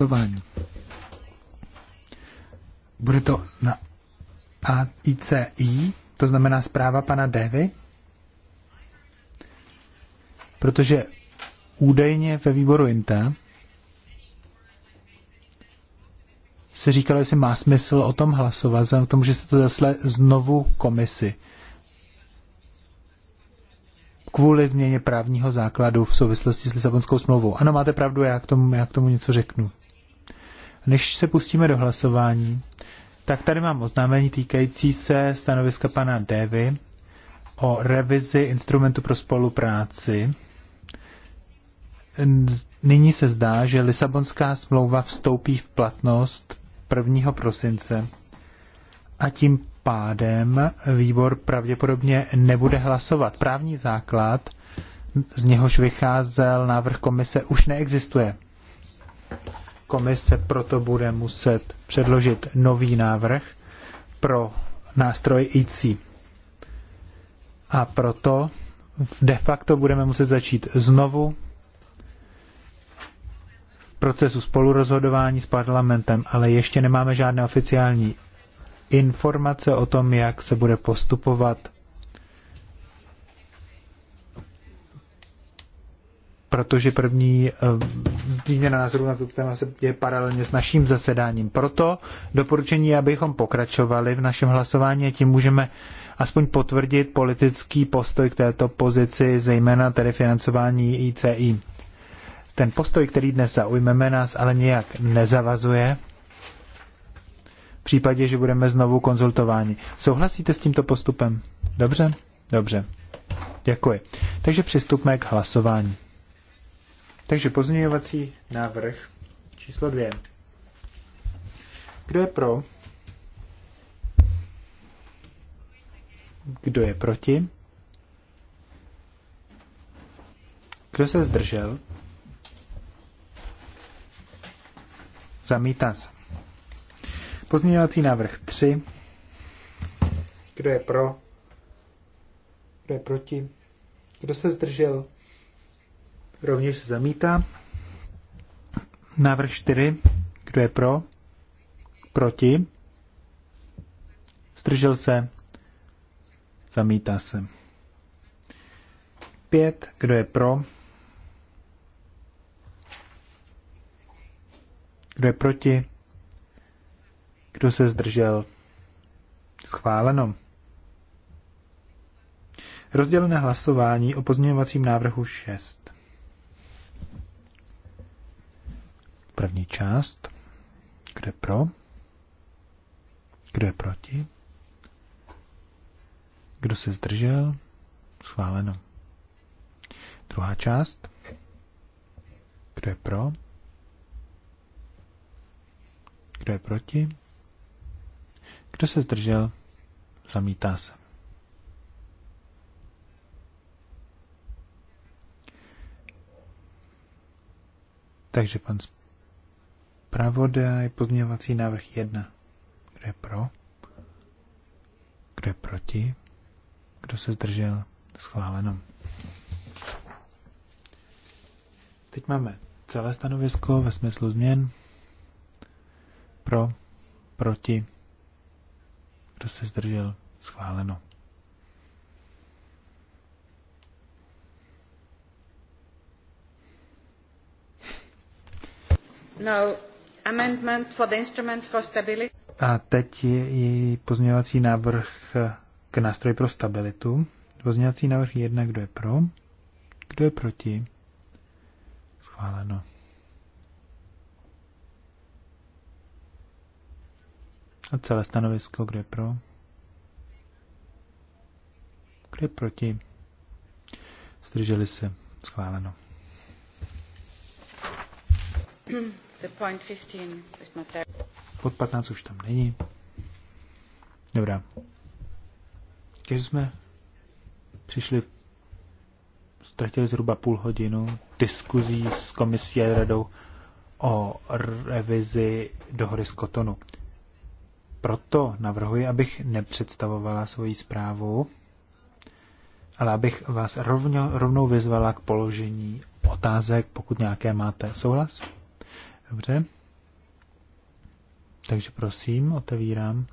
hlasování. Bude to na AICI, to znamená zpráva pana Devy, protože údajně ve výboru INTA se říkalo, jestli má smysl o tom hlasovat, o tom, že se to zasle znovu komisi kvůli změně právního základu v souvislosti s Lisabonskou smlouvou. Ano, máte pravdu, já k tomu, já k tomu něco řeknu. Než se pustíme do hlasování, tak tady mám oznámení týkající se stanoviska pana Devy o revizi instrumentu pro spolupráci. Nyní se zdá, že Lisabonská smlouva vstoupí v platnost 1. prosince a tím pádem výbor pravděpodobně nebude hlasovat. Právní základ, z něhož vycházel návrh komise, už neexistuje. Komise proto bude muset předložit nový návrh pro nástroj IC. A proto de facto budeme muset začít znovu v procesu spolurozhodování s parlamentem, ale ještě nemáme žádné oficiální informace o tom, jak se bude postupovat protože první eh, výměna názoru na to téma se je paralelně s naším zasedáním. Proto doporučení je, abychom pokračovali v našem hlasování a tím můžeme aspoň potvrdit politický postoj k této pozici, zejména tedy financování ICI. Ten postoj, který dnes zaujmeme, nás ale nějak nezavazuje v případě, že budeme znovu konzultováni. Souhlasíte s tímto postupem? Dobře? Dobře. Děkuji. Takže přistupme k hlasování. Takže pozměňovací návrh číslo dvě. Kdo je pro? Kdo je proti? Kdo se zdržel? Zamítá se. Pozměňovací návrh 3. Kdo je pro? Kdo je proti? Kdo se zdržel? Rovněž se zamítá. Návrh 4. Kdo je pro? Proti? Zdržel se? Zamítá se. 5. Kdo je pro? Kdo je proti? Kdo se zdržel? Schváleno. Rozdělené hlasování o pozměňovacím návrhu 6. První část. Kde pro? Kdo je proti? Kdo se zdržel? Schváleno. Druhá část. Kdo je pro? Kdo je proti? Kdo se zdržel? Zamítá se. Takže pan zpravodaj, pozměňovací návrh 1. Kdo je pro? Kdo je proti? Kdo se zdržel? Schváleno. Teď máme celé stanovisko ve smyslu změn. Pro, proti, kdo se zdržel, schváleno. Now a teď je její pozměňovací návrh k nástroji pro stabilitu. Pozměňovací návrh jedna, kdo je pro, kdo je proti. Schváleno. A celé stanovisko, kdo je pro, kdo je proti. Zdrželi se. Schváleno. Pod 15 už tam není. Dobrá. Když jsme přišli, ztratili zhruba půl hodinu diskuzí s komisí a radou o revizi dohody z Kotonu. Proto navrhuji, abych nepředstavovala svoji zprávu, ale abych vás rovno, rovnou vyzvala k položení otázek, pokud nějaké máte. Souhlas? Dobře. Takže prosím, otevírám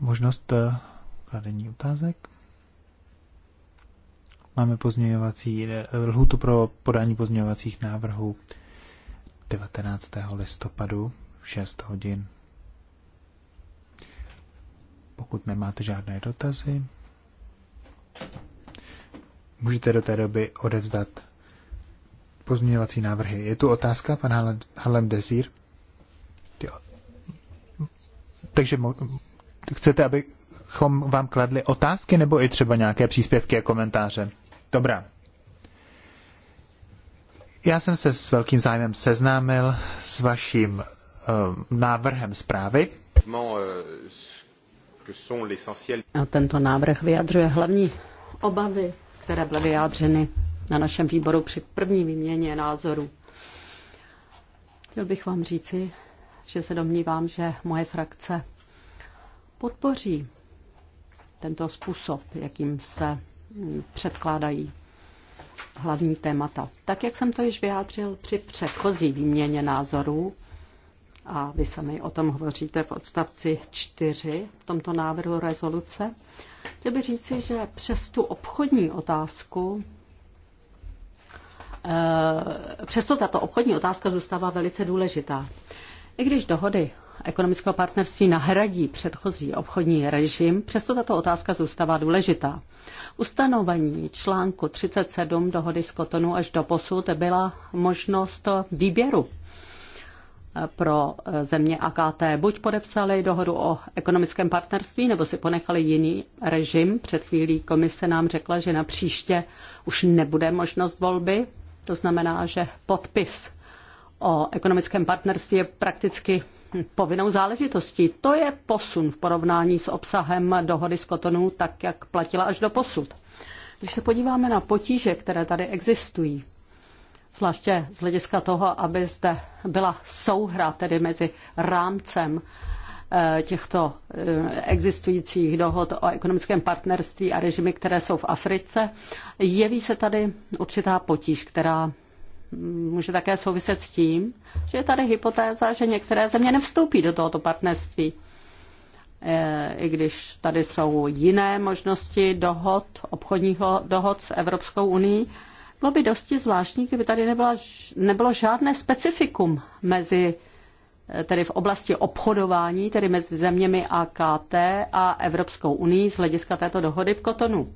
možnost eh, kladení otázek. Máme pozměňovací, eh, lhůtu pro podání pozměňovacích návrhů 19. listopadu 6 hodin. Pokud nemáte žádné dotazy, můžete do té doby odevzdat pozměňovací návrhy. Je tu otázka, pan Halem Desir. Takže chcete, abychom vám kladli otázky nebo i třeba nějaké příspěvky a komentáře? Dobrá. Já jsem se s velkým zájmem seznámil s vaším uh, návrhem zprávy. A tento návrh vyjadřuje hlavní obavy, které byly vyjádřeny na našem výboru při první výměně názorů. Chtěl bych vám říci, že se domnívám, že moje frakce podpoří tento způsob, jakým se předkládají hlavní témata. Tak, jak jsem to již vyjádřil při předchozí výměně názorů, a vy sami o tom hovoříte v odstavci 4 v tomto návrhu rezoluce, chtěl bych říci, že přes tu obchodní otázku Eh, přesto tato obchodní otázka zůstává velice důležitá. I když dohody ekonomického partnerství nahradí předchozí obchodní režim, přesto tato otázka zůstává důležitá. Ustanovení článku 37 dohody z Kotonu až do posud byla možnost výběru eh, pro eh, země AKT. Buď podepsali dohodu o ekonomickém partnerství, nebo si ponechali jiný režim. Před chvílí komise nám řekla, že na příště už nebude možnost volby. To znamená, že podpis o ekonomickém partnerství je prakticky povinnou záležitostí. To je posun v porovnání s obsahem dohody z Kotonu, tak jak platila až do posud. Když se podíváme na potíže, které tady existují, zvláště z hlediska toho, aby zde byla souhra tedy mezi rámcem Eh, těchto eh, existujících dohod o ekonomickém partnerství a režimy, které jsou v Africe, jeví se tady určitá potíž, která mm, může také souviset s tím, že je tady hypotéza, že některé země nevstoupí do tohoto partnerství. Eh, I když tady jsou jiné možnosti dohod, obchodních dohod s Evropskou unii, bylo by dosti zvláštní, kdyby tady nebyla, nebylo žádné specifikum mezi Eh, tedy v oblasti obchodování, tedy mezi zeměmi AKT a Evropskou unii z hlediska této dohody v Kotonu.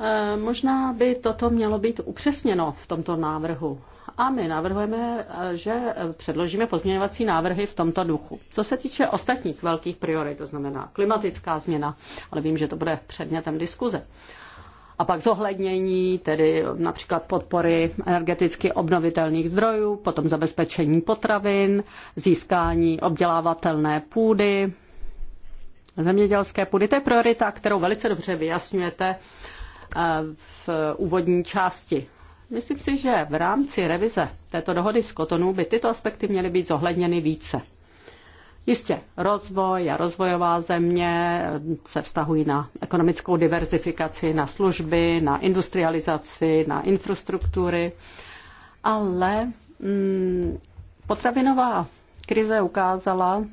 Eh, možná by toto mělo být upřesněno v tomto návrhu. A my navrhujeme, eh, že předložíme pozměňovací návrhy v tomto duchu. Co se týče ostatních velkých priorit, to znamená klimatická změna, ale vím, že to bude předmětem diskuze a pak zohlednění, tedy například podpory energeticky obnovitelných zdrojů, potom zabezpečení potravin, získání obdělávatelné půdy, zemědělské půdy. To je priorita, kterou velice dobře vyjasňujete eh, v úvodní části. Myslím si, že v rámci revize této dohody z Kotonu by tyto aspekty měly být zohledněny více. Jistě, rozvoj a rozvojová země se vztahují na ekonomickou diverzifikaci, na služby, na industrializaci, na infrastruktury, ale mm, potravinová krize ukázala,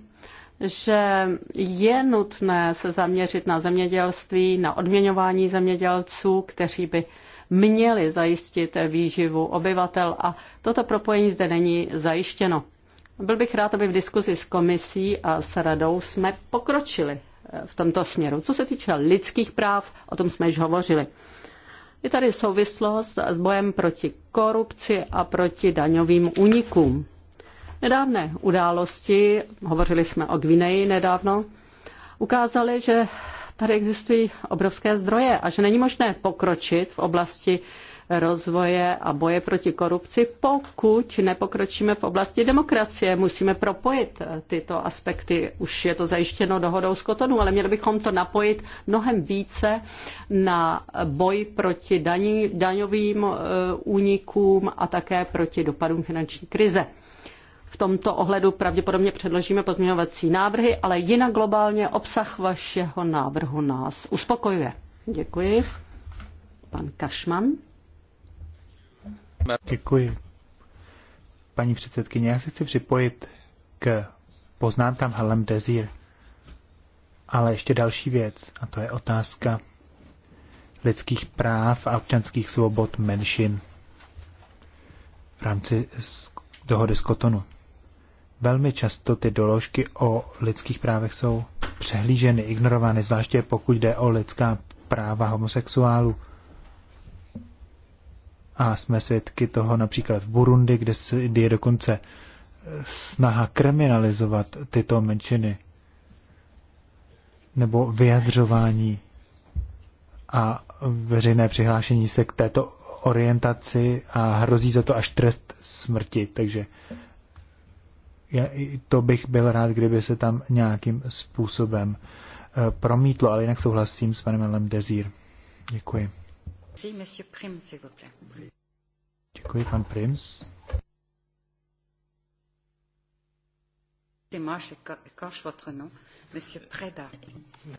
že je nutné se zaměřit na zemědělství, na odměňování zemědělců, kteří by měli zajistit výživu obyvatel a toto propojení zde není zajištěno. Byl bych rád, aby v diskuzi s komisí a s radou jsme pokročili eh, v tomto směru. Co se týče lidských práv, o tom jsme již hovořili. Je tady souvislost s bojem proti korupci a proti daňovým únikům. Nedávné události, hovořili jsme o Gvineji nedávno, ukázaly, že tady existují obrovské zdroje a že není možné pokročit v oblasti rozvoje a boje proti korupci, pokud nepokročíme v oblasti demokracie. Musíme propojit eh, tyto aspekty. Už je to zajištěno dohodou z Kotonu, ale měli bychom to napojit mnohem více na boj proti daní, daňovým eh, únikům a také proti dopadům finanční krize. V tomto ohledu pravděpodobně předložíme pozměňovací návrhy, ale jinak globálně obsah vašeho návrhu nás uspokojuje. Děkuji. Pan Kašman. Děkuji. Paní předsedkyně, já se chci připojit k poznámkám Halem Desir. Ale ještě další věc, a to je otázka lidských práv a občanských svobod menšin v rámci dohody z Kotonu. Velmi často ty doložky o lidských právech jsou přehlíženy, ignorovány, zvláště pokud jde o lidská práva homosexuálů a jsme svědky toho například v Burundi, kde, kde je dokonce eh, snaha kriminalizovat tyto menšiny nebo vyjadřování a veřejné přihlášení se k této orientaci a hrozí za to až trest smrti. Takže já, to bych byl rád, kdyby se tam nějakým způsobem eh, promítlo, ale jinak souhlasím s panem Elem Dezír. Děkuji. Děkuji, pan Prims.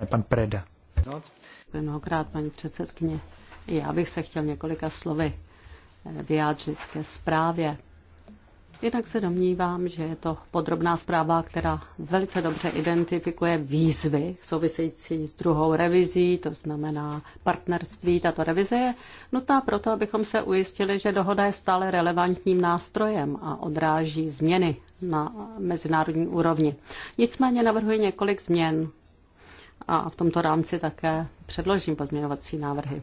Pan Preda. Mnohokrát, paní předsedkyně. Já bych se chtěl několika slovy eh, vyjádřit ke zprávě. Jednak se domnívám, že je to podrobná zpráva, která velice dobře identifikuje výzvy související s druhou revizí, to znamená partnerství. Tato revize je nutná proto, abychom se ujistili, že dohoda je stále relevantním nástrojem a odráží změny na mezinárodní úrovni. Nicméně navrhuji několik změn a v tomto rámci také předložím pozměňovací návrhy.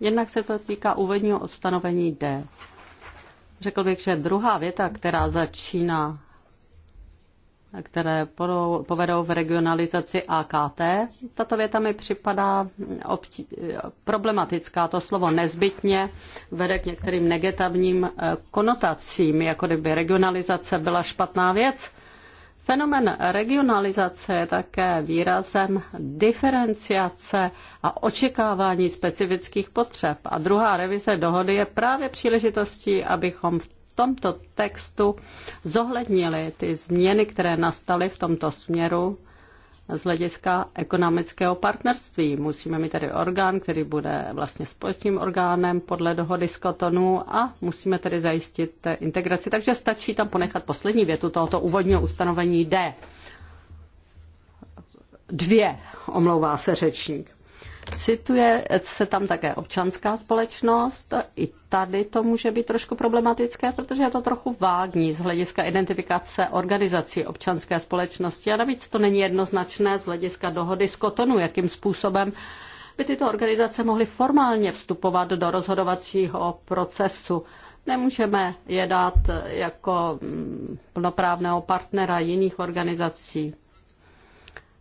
Jednak se to týká úvodního odstanovení D. Řekl bych, že druhá věta, která začíná, které povedou v regionalizaci AKT, tato věta mi připadá obtí, problematická. To slovo nezbytně vede k některým negativním eh, konotacím, jako kdyby regionalizace byla špatná věc Fenomen regionalizace je také výrazem diferenciace a očekávání specifických potřeb. A druhá revize dohody je právě příležitostí, abychom v tomto textu zohlednili ty změny, které nastaly v tomto směru z hlediska ekonomického partnerství. Musíme mít tedy orgán, který bude vlastně společným orgánem podle dohody z Kotonu a musíme tedy zajistit integraci. Takže stačí tam ponechat poslední větu tohoto úvodního ustanovení D. Dvě, omlouvá se řečník. Cituje se tam také občanská společnost. I tady to může být trošku problematické, protože je to trochu vágní z hlediska identifikace organizací občanské společnosti. A navíc to není jednoznačné z hlediska dohody z Kotonu, jakým způsobem by tyto organizace mohly formálně vstupovat do rozhodovacího procesu. Nemůžeme je dát jako mm, plnoprávného partnera jiných organizací.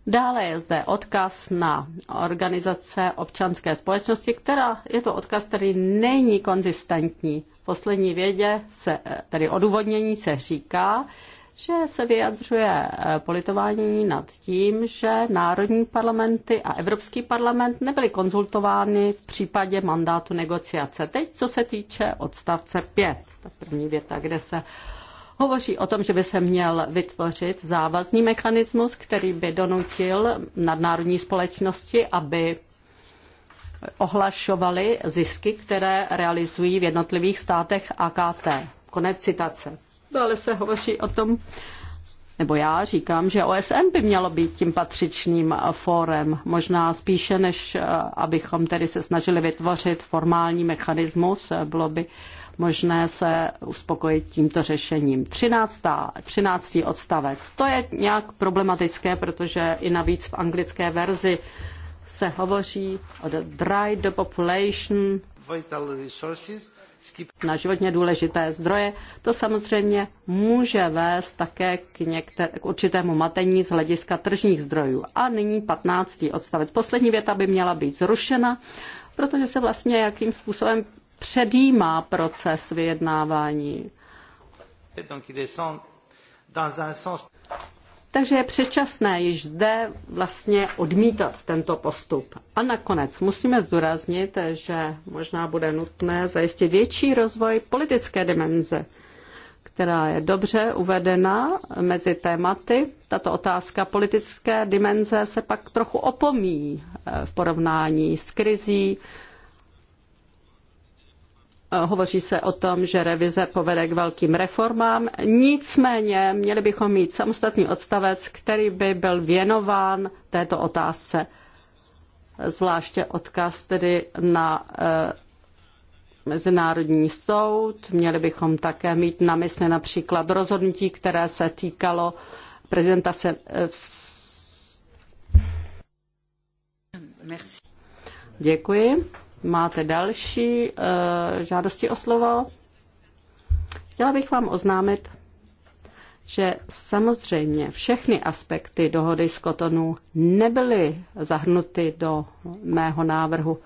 Dále je zde odkaz na organizace občanské společnosti, která je to odkaz, který není konzistentní. V poslední vědě, se, tedy odůvodnění se říká, že se vyjadřuje eh, politování nad tím, že národní parlamenty a Evropský parlament nebyly konzultovány v případě mandátu negociace. Teď, co se týče odstavce 5, ta první věta, kde se hovoří o tom, že by se měl vytvořit závazný mechanismus, který by donutil nadnárodní společnosti, aby ohlašovali zisky, které realizují v jednotlivých státech AKT. Konec citace. Dále se hovoří o tom, nebo já říkám, že OSN by mělo být tím patřičným fórem, možná spíše, než eh, abychom tedy se snažili vytvořit formální mechanismus, eh, bylo by možné se uspokojit tímto řešením. 13. 13. odstavec. To je nějak problematické, protože i navíc v anglické verzi se hovoří o the dry the population na životně důležité zdroje, to samozřejmě může vést také k, někter- k určitému matení z hlediska tržních zdrojů. A nyní 15. odstavec. Poslední věta by měla být zrušena, protože se vlastně jakým způsobem předjímá proces vyjednávání. Takže je předčasné již zde vlastně odmítat tento postup. A nakonec musíme zdůraznit, že možná bude nutné zajistit větší rozvoj politické dimenze, která je dobře uvedena mezi tématy. Tato otázka politické dimenze se pak trochu opomíjí eh, v porovnání s krizí, Eh, hovoří se o tom, že revize povede k velkým reformám. Nicméně měli bychom mít samostatný odstavec, který by byl věnován této otázce. Zvláště odkaz tedy na eh, Mezinárodní soud. Měli bychom také mít na mysli například rozhodnutí, které se týkalo prezidenta eh, se... Děkuji. Máte další uh, žádosti o slovo? Chtěla bych vám oznámit, že samozřejmě všechny aspekty dohody z Kotonu nebyly zahrnuty do mého návrhu.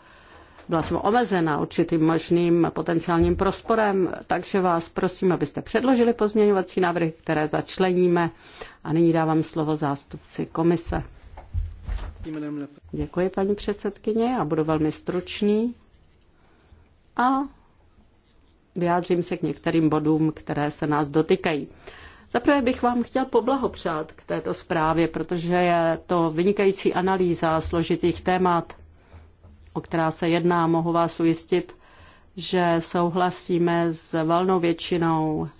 Byla jsem omezena určitým možným potenciálním prosporem, takže vás prosím, abyste předložili pozměňovací návrhy, které začleníme. A nyní dávám slovo zástupci komise. Děkuji, paní předsedkyně, a budu velmi stručný. A vyjádřím se k některým bodům, které se nás dotykají. Zaprvé bych vám chtěl poblahopřát k této zprávě, protože je to vynikající analýza složitých témat, o která se jedná. Mohu vás ujistit, že souhlasíme s valnou většinou eh,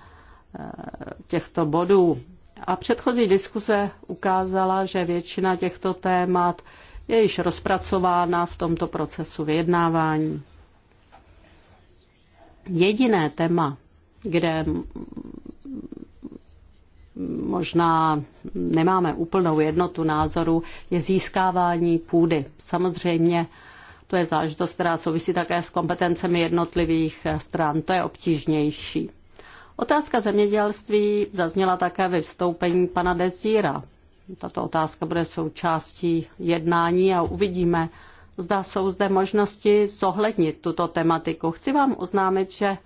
těchto bodů. A předchozí diskuse ukázala, že většina těchto témat je již rozpracována v tomto procesu vyjednávání. Jediné téma, kde možná nemáme úplnou jednotu názoru, je získávání půdy. Samozřejmě to je záležitost, která souvisí také s kompetencemi jednotlivých stran. To je obtížnější. Otázka zemědělství zazněla také ve vstoupení pana Dezíra. Tato otázka bude součástí jednání a uvidíme, zda jsou zde možnosti zohlednit tuto tematiku. Chci vám oznámit, že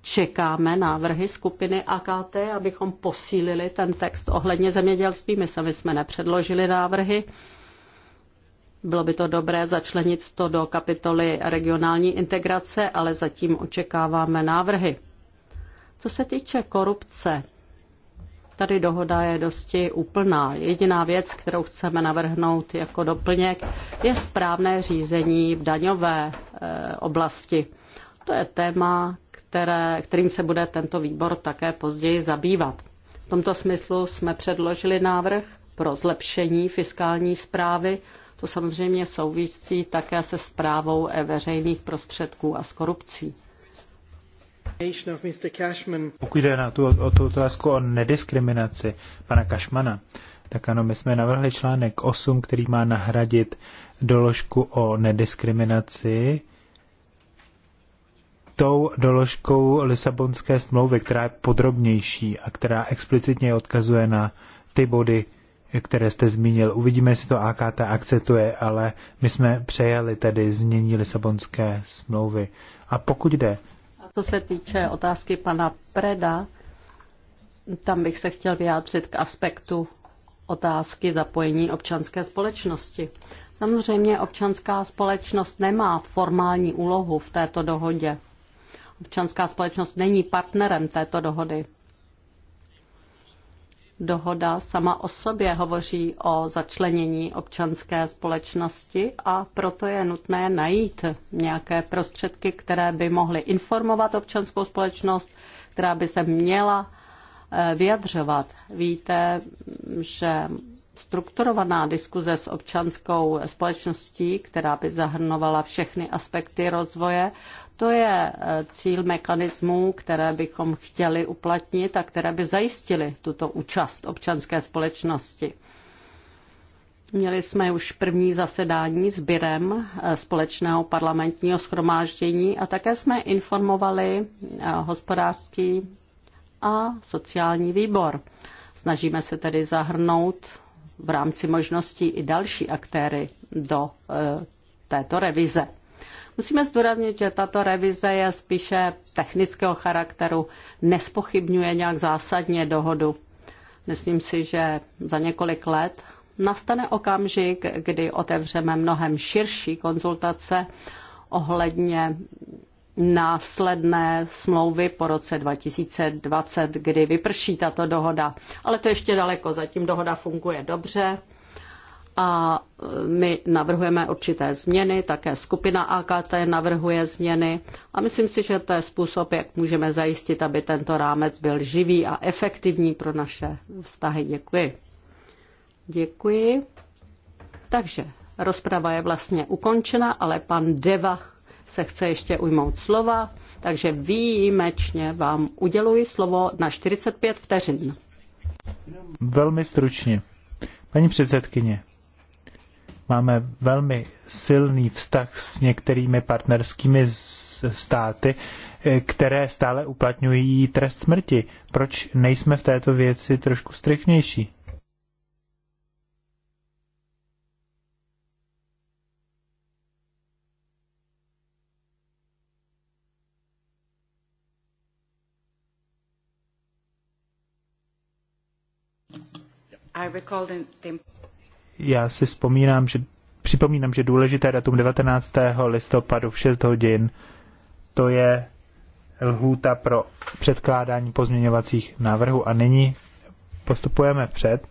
čekáme návrhy skupiny AKT, abychom posílili ten text ohledně zemědělství. My sami jsme nepředložili návrhy. Bylo by to dobré začlenit to do kapitoly regionální integrace, ale zatím očekáváme návrhy. Co se týče korupce, tady dohoda je dosti úplná. Jediná věc, kterou chceme navrhnout jako doplněk, je správné řízení v daňové eh, oblasti. To je téma, které, kterým se bude tento výbor také později zabývat. V tomto smyslu jsme předložili návrh pro zlepšení fiskální zprávy. To samozřejmě souvisí také se zprávou veřejných prostředků a s korupcí. Pokud jde na tu, o tu otázku o nediskriminaci pana Kašmana, tak ano, my jsme navrhli článek 8, který má nahradit doložku o nediskriminaci tou doložkou Lisabonské smlouvy, která je podrobnější a která explicitně odkazuje na ty body, které jste zmínil. Uvidíme, jestli to AKT akceptuje, ale my jsme přejali tedy znění Lisabonské smlouvy. A pokud jde co se týče otázky pana Preda, tam bych se chtěl vyjádřit k aspektu otázky zapojení občanské společnosti. Samozřejmě občanská společnost nemá formální úlohu v této dohodě. Občanská společnost není partnerem této dohody dohoda sama o sobě hovoří o začlenění občanské společnosti a proto je nutné najít nějaké prostředky, které by mohly informovat občanskou společnost, která by se měla eh, vyjadřovat. Víte, že strukturovaná diskuze s občanskou společností, která by zahrnovala všechny aspekty rozvoje, to je eh, cíl mechanismů, které bychom chtěli uplatnit a které by zajistily tuto účast občanské společnosti. Měli jsme už první zasedání s Birem eh, společného parlamentního schromáždění a také jsme informovali eh, hospodářský a sociální výbor. Snažíme se tedy zahrnout v rámci možností i další aktéry do této revize. Musíme zdůraznit, že tato revize je spíše technického charakteru, nespochybňuje nějak zásadně dohodu. Myslím si, že za několik let nastane okamžik, kdy otevřeme mnohem širší konzultace ohledně následné smlouvy po roce 2020, kdy vyprší tato dohoda. Ale to ještě daleko, zatím dohoda funguje dobře a e, my navrhujeme určité změny, také skupina AKT navrhuje změny a myslím si, že to je způsob, jak můžeme zajistit, aby tento rámec byl živý a efektivní pro naše vztahy. Děkuji. Děkuji. Takže rozprava je vlastně ukončena, ale pan Deva se chce ještě ujmout slova, takže výjimečně vám uděluji slovo na 45 vteřin. Velmi stručně. Paní předsedkyně, Máme velmi silný vztah s některými partnerskými státy, eh, které stále uplatňují trest smrti. Proč nejsme v této věci trošku striktnější? I recall the, the já si vzpomínám, že připomínám, že důležité datum 19. listopadu v 6 hodin, to je lhůta pro předkládání pozměňovacích návrhů a nyní postupujeme před.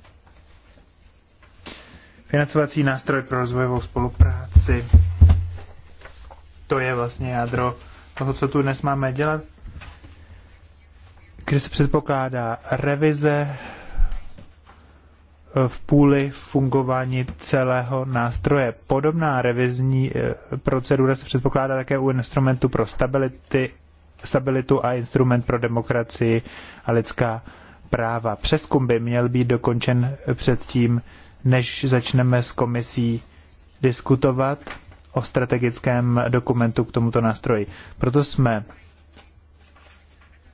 Financovací nástroj pro rozvojovou spolupráci. To je vlastně jádro toho, co tu dnes máme dělat, kdy se předpokládá revize v půli fungování celého nástroje. Podobná revizní eh, procedura se předpokládá také u instrumentu pro stability, stabilitu a instrument pro demokracii a lidská práva. Přeskum by měl být dokončen předtím, než začneme s komisí diskutovat o strategickém dokumentu k tomuto nástroji. Proto jsme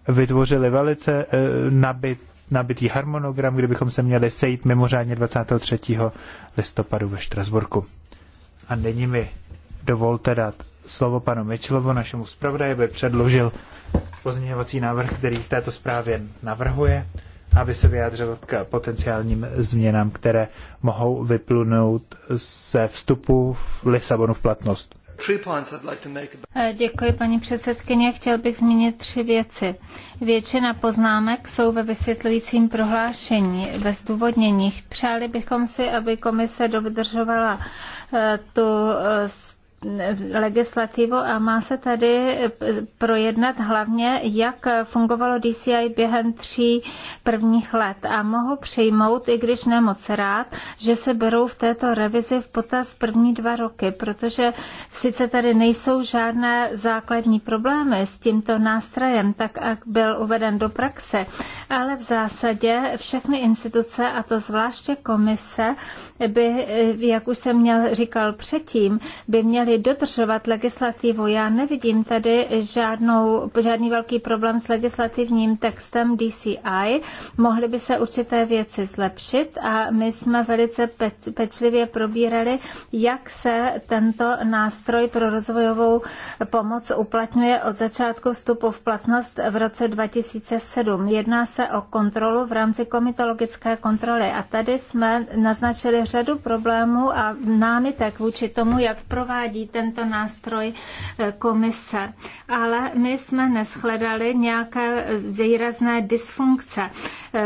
vytvořili velice eh, nabit, nabitý harmonogram, kdybychom se měli sejít mimořádně 23. listopadu ve Štrasburku. A nyní mi dovolte dát slovo panu Mitchellovu, našemu zpravodaji, aby předložil pozměňovací návrh, který v této zprávě navrhuje, aby se vyjádřil k potenciálním změnám, které mohou vyplunout ze vstupu v Lisabonu v platnost. Eh, děkuji, paní předsedkyně. Chtěl bych zmínit tři věci. Většina poznámek jsou ve vysvětlujícím prohlášení, ve zdůvodněních. Přáli bychom si, aby komise dodržovala eh, tu eh, legislativu a má se tady projednat hlavně, jak fungovalo DCI během tří prvních let. A mohu přijmout, i když nemoc rád, že se berou v této revizi v potaz první dva roky, protože sice tady nejsou žádné základní problémy s tímto nástrojem, tak jak byl uveden do praxe, ale v zásadě všechny instituce, a to zvláště komise, by, eh, jak už jsem měl, říkal předtím, by měli dodržovat legislativu. Já nevidím tady žádnou, žádný velký problém s legislativním textem DCI. Mohly by se určité věci zlepšit a my jsme velice peč, pečlivě probírali, jak se tento nástroj pro rozvojovou pomoc uplatňuje od začátku vstupu v platnost v roce 2007. Jedná se o kontrolu v rámci komitologické kontroly a tady jsme naznačili řadu problémů a námitek vůči tomu, jak provádí tento nástroj eh, komise. Ale my jsme neschledali nějaké výrazné dysfunkce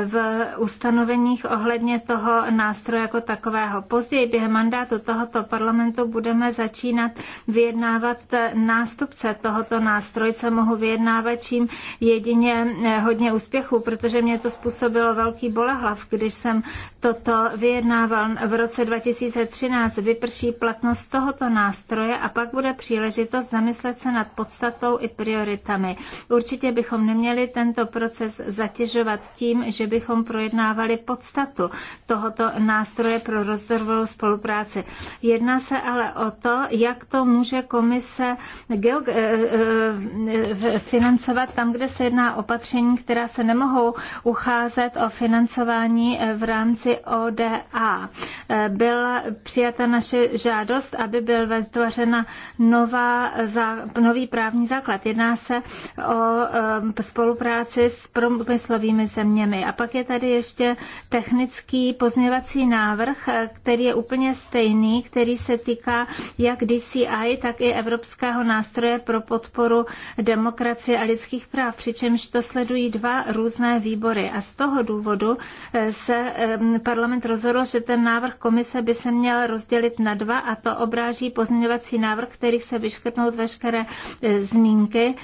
v ustanoveních ohledně toho nástroje jako takového. Později během mandátu tohoto parlamentu budeme začínat vyjednávat nástupce tohoto nástrojce. Mohu vyjednávat čím jedině eh, hodně úspěchů, protože mě to způsobilo velký bolehlav, když jsem toto vyjednával v roce 2013. Vyprší platnost tohoto nástroje a pak bude příležitost zamyslet se nad podstatou i prioritami. Určitě bychom neměli tento proces zatěžovat tím, že že bychom projednávali podstatu tohoto nástroje pro rozdorovou spolupráci. Jedná se ale o to, jak to může komise eh, eh, eh, financovat tam, kde se jedná opatření, která se nemohou ucházet o financování v rámci ODA. Byla přijata naše žádost, aby byl vytvořena nová, nový právní základ. Jedná se o spolupráci s průmyslovými zeměmi a pak je tady ještě technický pozměvací návrh, eh, který je úplně stejný, který se týká jak DCI, tak i Evropského nástroje pro podporu demokracie a lidských práv, přičemž to sledují dva různé výbory. A z toho důvodu eh, se parlament rozhodl, že ten návrh komise by se měl rozdělit na dva a to obráží pozměňovací návrh, který se vyškrtnout veškeré eh, zmínky,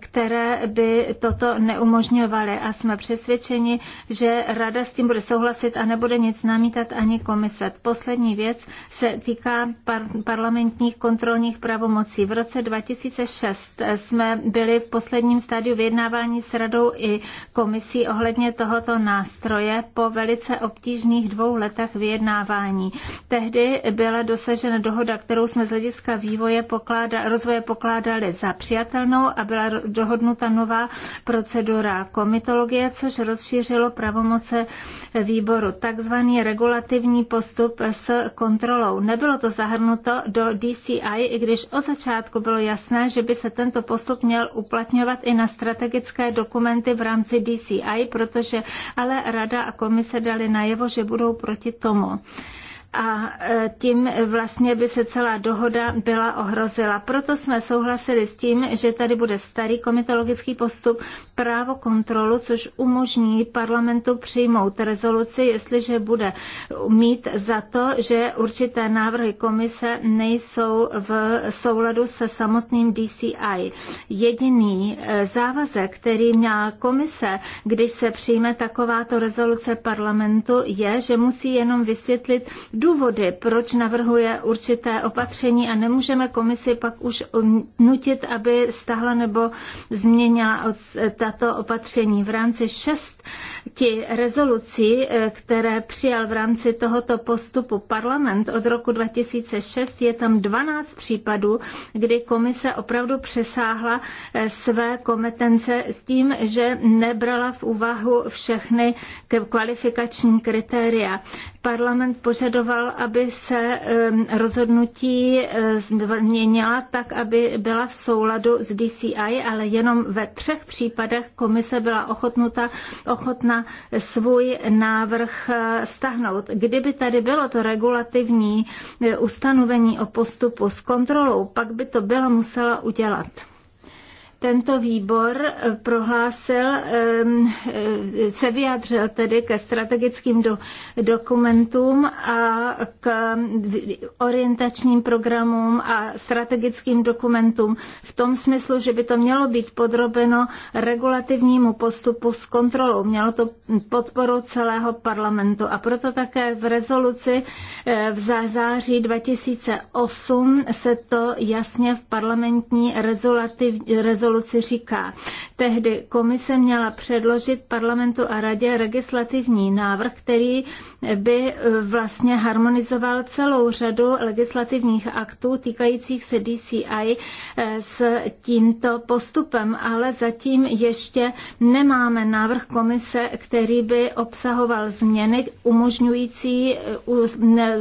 které by toto neumožňovaly. A jsme přesvědčeni, ani, že rada s tím bude souhlasit a nebude nic namítat ani komise. Poslední věc se týká par- parlamentních kontrolních pravomocí. V roce 2006 jsme byli v posledním stádiu vyjednávání s radou i komisí ohledně tohoto nástroje po velice obtížných dvou letech vyjednávání. Tehdy byla dosažena dohoda, kterou jsme z hlediska vývoje pokláda, rozvoje pokládali za přijatelnou a byla dohodnuta nová procedura komitologie, což rozšířila rozšířilo pravomoce výboru. Takzvaný regulativní postup s kontrolou. Nebylo to zahrnuto do DCI, i když od začátku bylo jasné, že by se tento postup měl uplatňovat i na strategické dokumenty v rámci DCI, protože ale Rada a komise dali najevo, že budou proti tomu a e, tím vlastně by se celá dohoda byla ohrozila. Proto jsme souhlasili s tím, že tady bude starý komitologický postup právo kontrolu, což umožní parlamentu přijmout rezoluci, jestliže bude mít za to, že určité návrhy komise nejsou v souladu se samotným DCI. Jediný e, závazek, který měla komise, když se přijme takováto rezoluce parlamentu, je, že musí jenom vysvětlit, důvody, proč navrhuje určité opatření a nemůžeme komisi pak už nutit, aby stahla nebo změnila od tato opatření. V rámci šesti rezolucí, eh, které přijal v rámci tohoto postupu parlament od roku 2006, je tam 12 případů, kdy komise opravdu přesáhla eh, své kompetence s tím, že nebrala v úvahu všechny kvalifikační kritéria. Parlament požadoval, aby se rozhodnutí eh, změnila tak, aby byla v souladu s DCI, ale jenom ve třech případech komise byla ochotnuta, ochotna svůj návrh eh, stahnout. Kdyby tady bylo to regulativní eh, ustanovení o postupu s kontrolou, pak by to byla musela udělat. Tento výbor eh, prohlásil, ehm, eh, se vyjádřil tedy ke strategickým do, dokumentům a k orientačním programům a strategickým dokumentům v tom smyslu, že by to mělo být podrobeno regulativnímu postupu s kontrolou. Mělo to podporu celého parlamentu a proto také v rezoluci eh, v září 2008 se to jasně v parlamentní rezolativ, rezoluci rezoluci říká. Tehdy komise měla předložit parlamentu a radě legislativní návrh, který by eh, vlastně harmonizoval celou řadu legislativních aktů týkajících se DCI eh, s tímto postupem, ale zatím ještě nemáme návrh komise, který by obsahoval změny umožňující eh,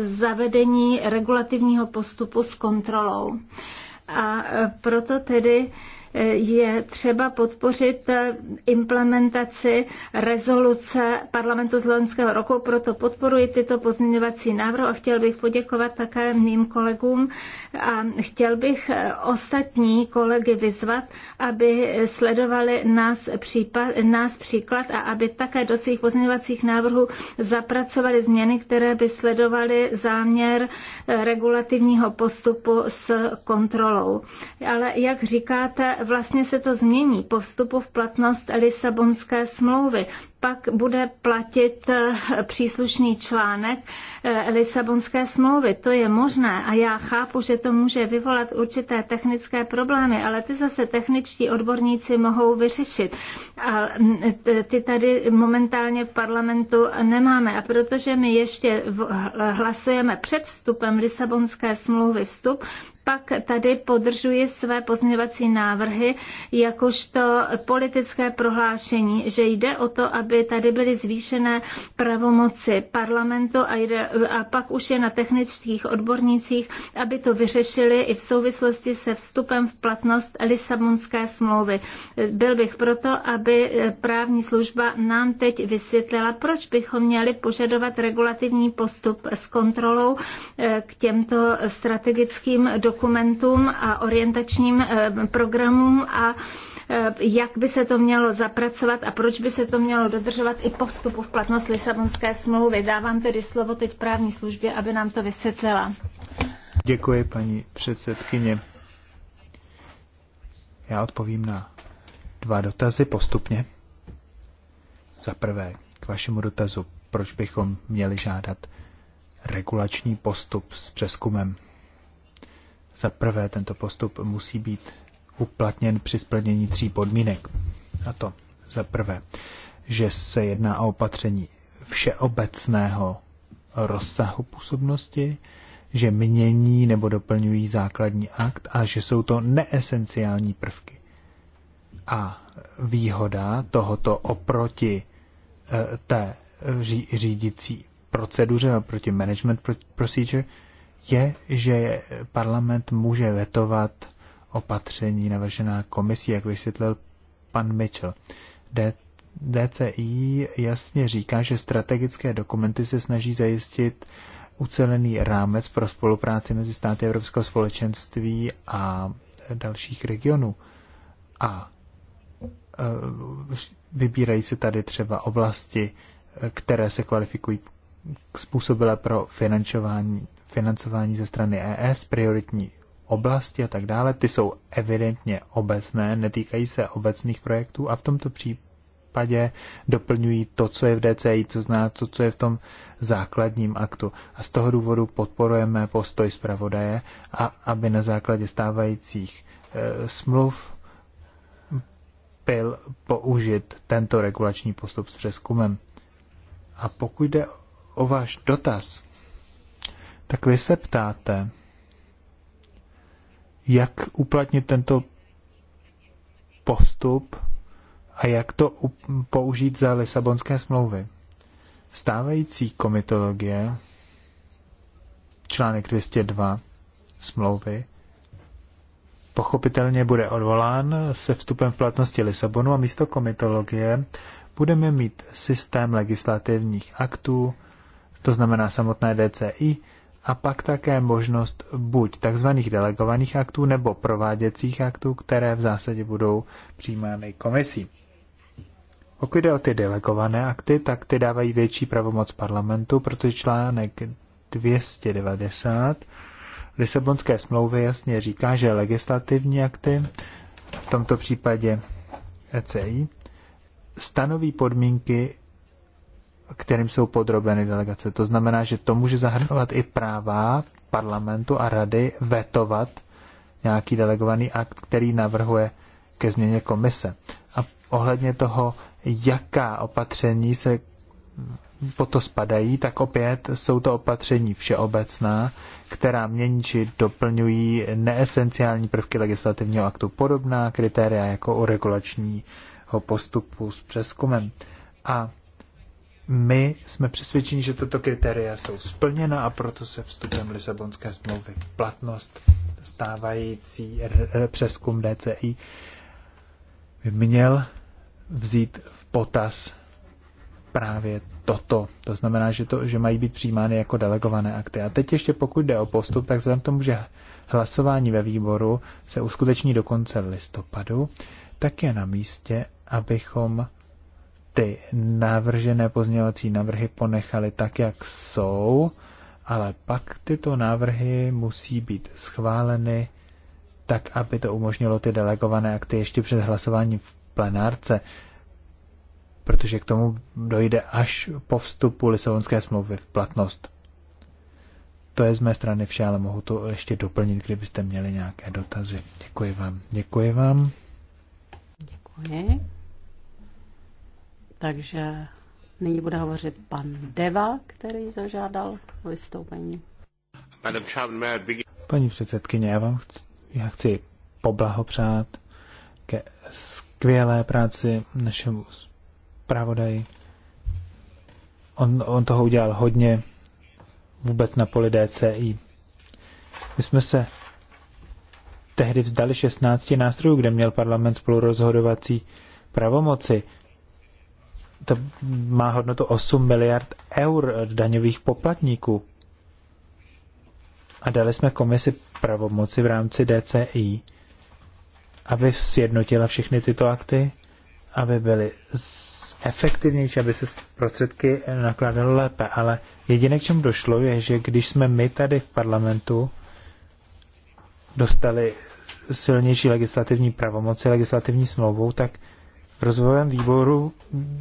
zavedení regulativního postupu s kontrolou. A proto tedy je třeba podpořit eh, implementaci rezoluce parlamentu z loňského roku, proto podporuji tyto pozměňovací návrhy a chtěl bych poděkovat také mým kolegům a chtěl bych eh, ostatní kolegy vyzvat, aby sledovali nás, případ, nás příklad a aby také do svých pozměňovacích návrhů zapracovali změny, které by sledovaly záměr eh, regulativního postupu s kontrolou. Ale jak říkáte, vlastně se to změní po vstupu v platnost Lisabonské smlouvy. Pak bude platit eh, příslušný článek eh, Lisabonské smlouvy. To je možné a já chápu, že to může vyvolat určité technické problémy, ale ty zase techničtí odborníci mohou vyřešit. A mm, ty tady momentálně v parlamentu nemáme. A protože my ještě hlasujeme před vstupem Lisabonské smlouvy vstup, pak tady podržuji své pozměňovací návrhy, jakožto politické prohlášení, že jde o to, aby tady byly zvýšené pravomoci parlamentu a, jde, a pak už je na technických odbornících, aby to vyřešili i v souvislosti se vstupem v platnost Lisabonské smlouvy. Byl bych proto, aby právní služba nám teď vysvětlila, proč bychom měli požadovat regulativní postup s kontrolou eh, k těmto strategickým dokumentům dokumentům a orientačním eh, programům a eh, jak by se to mělo zapracovat a proč by se to mělo dodržovat i postupu v platnost Lisabonské smlouvy. Dávám tedy slovo teď právní službě, aby nám to vysvětlila. Děkuji, paní předsedkyně. Já odpovím na dva dotazy postupně. Za prvé, k vašemu dotazu, proč bychom měli žádat regulační postup s přeskumem za prvé, tento postup musí být uplatněn při splnění tří podmínek. A to za prvé, že se jedná o opatření všeobecného rozsahu působnosti, že mění nebo doplňují základní akt a že jsou to neesenciální prvky. A výhoda tohoto oproti eh, té řídící proceduře, oproti management procedure, je, že parlament může vetovat opatření navržená komisí, jak vysvětlil pan Mitchell. D- DCI jasně říká, že strategické dokumenty se snaží zajistit ucelený rámec pro spolupráci mezi státy Evropského společenství a dalších regionů. A e, vybírají se tady třeba oblasti, e, které se kvalifikují způsobilé pro financování, financování ze strany ES, prioritní oblasti a tak dále, ty jsou evidentně obecné, netýkají se obecných projektů a v tomto případě doplňují to, co je v DCI, to zná to, co je v tom základním aktu. A z toho důvodu podporujeme postoj zpravodaje, a aby na základě stávajících e, smluv byl použit tento regulační postup s přeskumem. A pokud jde o váš dotaz, tak vy se ptáte, jak uplatnit tento postup a jak to použít za Lisabonské smlouvy. Stávající komitologie, článek 202 smlouvy, pochopitelně bude odvolán se vstupem v platnosti Lisabonu a místo komitologie budeme mít systém legislativních aktů, to znamená samotné DCI, a pak také možnost buď tzv. delegovaných aktů nebo prováděcích aktů, které v zásadě budou přijímány komisí. Pokud jde o ty delegované akty, tak ty dávají větší pravomoc parlamentu, protože článek 290 Lisabonské smlouvy jasně říká, že legislativní akty, v tomto případě ECI, stanoví podmínky kterým jsou podrobeny delegace. To znamená, že to může zahrnovat i práva parlamentu a rady vetovat nějaký delegovaný akt, který navrhuje ke změně komise. A ohledně toho, jaká opatření se po to spadají, tak opět jsou to opatření všeobecná, která mění či doplňují neesenciální prvky legislativního aktu, podobná kritéria jako u regulačního postupu s přeskumem. A my jsme přesvědčeni, že toto kritéria jsou splněna a proto se vstupem Lisabonské smlouvy v platnost stávající přeskum DCI by měl vzít v potaz právě toto. To znamená, že, to, že mají být přijímány jako delegované akty. A teď ještě pokud jde o postup, tak vzhledem k tomu, že hlasování ve výboru se uskuteční do konce listopadu, tak je na místě, abychom ty navržené pozměňovací návrhy ponechali tak, jak jsou, ale pak tyto návrhy musí být schváleny tak, aby to umožnilo ty delegované akty ještě před hlasováním v plenárce, protože k tomu dojde až po vstupu Lisabonské smlouvy v platnost. To je z mé strany vše, ale mohu to ještě doplnit, kdybyste měli nějaké dotazy. Děkuji vám. Děkuji vám. Děkuji. Takže nyní bude hovořit pan Deva, který zažádal o vystoupení. Paní předsedkyně, já vám chci, já chci poblahopřát ke skvělé práci našemu zpravodaji. On, on toho udělal hodně vůbec na poli DCI. My jsme se tehdy vzdali 16 nástrojů, kde měl parlament spolurozhodovací pravomoci to má hodnotu 8 miliard eur daňových poplatníků. A dali jsme komisi pravomoci v rámci DCI, aby sjednotila všechny tyto akty, aby byly efektivnější, aby se prostředky nakládaly lépe. Ale jediné, k čemu došlo, je, že když jsme my tady v parlamentu dostali silnější legislativní pravomoci, legislativní smlouvou, tak v rozvojovém výboru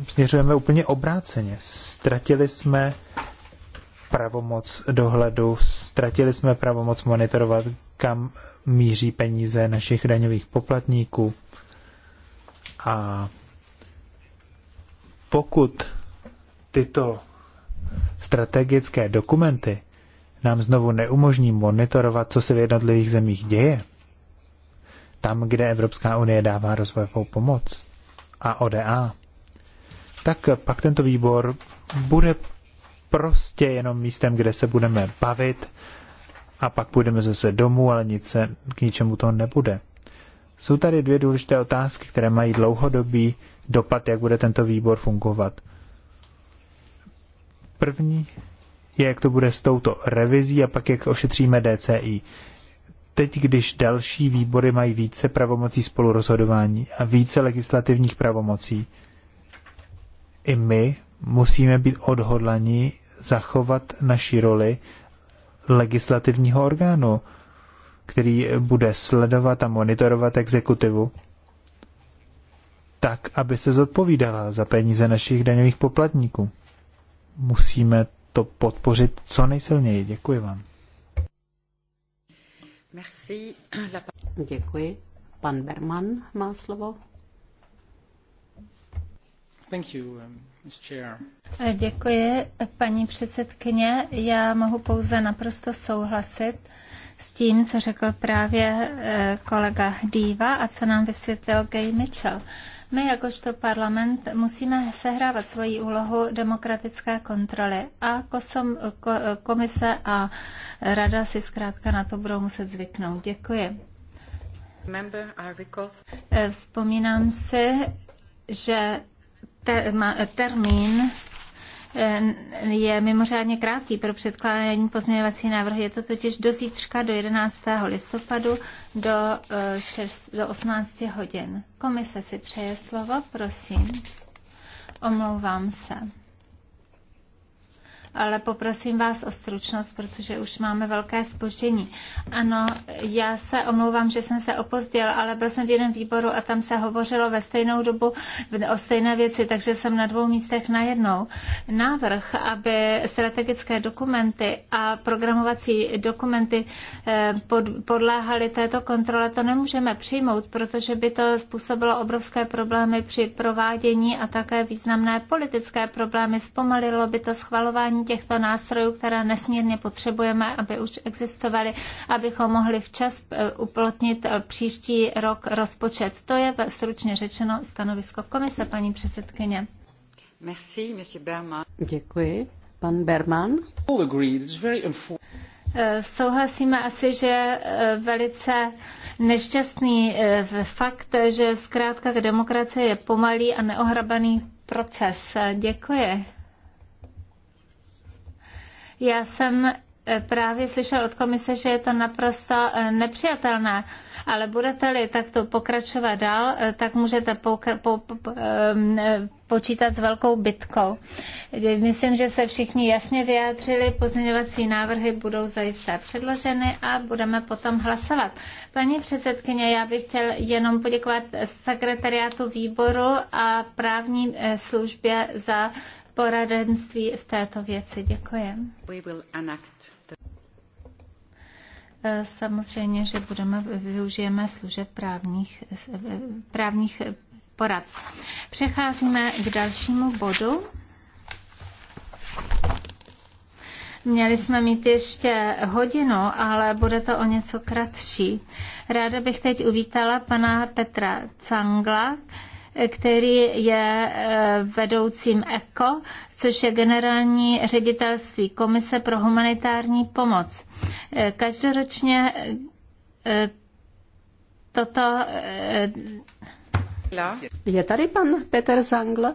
směřujeme úplně obráceně. Ztratili jsme pravomoc dohledu, ztratili jsme pravomoc monitorovat, kam míří peníze našich daňových poplatníků. A pokud tyto strategické dokumenty nám znovu neumožní monitorovat, co se v jednotlivých zemích děje, tam, kde Evropská unie dává rozvojovou pomoc, a ODA, tak pak tento výbor bude prostě jenom místem, kde se budeme bavit a pak půjdeme zase domů, ale nic se, k ničemu to nebude. Jsou tady dvě důležité otázky, které mají dlouhodobý dopad, jak bude tento výbor fungovat. První je, jak to bude s touto revizí a pak jak ošetříme DCI teď, když další výbory mají více pravomocí spolurozhodování a více legislativních pravomocí, i my musíme být odhodlani zachovat naši roli legislativního orgánu, který bude sledovat a monitorovat exekutivu, tak, aby se zodpovídala za peníze našich daňových poplatníků. Musíme to podpořit co nejsilněji. Děkuji vám. Merci. Děkuji. Pan Berman má slovo. Thank you, Ms. Um, Chair. Eh, děkuji, paní předsedkyně. Já mohu pouze naprosto souhlasit s tím, co řekl právě eh, kolega Dýva a co nám vysvětlil Gay Mitchell. My jakožto parlament musíme sehrávat svoji úlohu demokratické kontroly a kosom, komise a rada si zkrátka na to budou muset zvyknout. Děkuji. Eh, vzpomínám si, že termín je mimořádně krátký pro předkládání pozměňovací návrhy. Je to totiž do zítřka, do 11. listopadu, do, 6, eh, do 18 hodin. Komise si přeje slovo, prosím. Omlouvám se ale poprosím vás o stručnost, protože už máme velké spoždění. Ano, já se omlouvám, že jsem se opozdil, ale byl jsem v jednom výboru a tam se hovořilo ve stejnou dobu o stejné věci, takže jsem na dvou místech najednou. Návrh, aby strategické dokumenty a programovací dokumenty eh, podléhaly této kontrole, to nemůžeme přijmout, protože by to způsobilo obrovské problémy při provádění a také významné politické problémy. Zpomalilo by to schvalování těchto nástrojů, které nesmírně potřebujeme, aby už existovaly, abychom mohli včas eh, uplotnit eh, příští rok rozpočet. To je stručně řečeno stanovisko komise, paní předsedkyně. Merci, monsieur Berman. Děkuji. Pan Berman. Eh, souhlasíme asi, že velice nešťastný fakt, že zkrátka demokracie je pomalý a neohrabaný proces. Děkuji. Já jsem eh, právě slyšel od komise, že je to naprosto eh, nepřijatelné ale budete-li takto pokračovat dál, eh, tak můžete po- po-, po ehm, počítat s velkou bytkou. Myslím, že se všichni jasně vyjádřili, pozměňovací návrhy budou zajisté předloženy a budeme potom hlasovat. Paní předsedkyně, já bych chtěl jenom poděkovat sekretariátu výboru a právní službě za poradenství v této věci. Děkuji. Eh, samozřejmě, že budeme, využijeme služeb právních, eh, právních porad. Přecházíme k dalšímu bodu. Měli jsme mít ještě hodinu, ale bude to o něco kratší. Ráda bych teď uvítala pana Petra Cangla, který je eh, vedoucím ECO, což je generální ředitelství Komise pro humanitární pomoc. Eh, každoročně eh, toto... Je tady pan Peter Zangl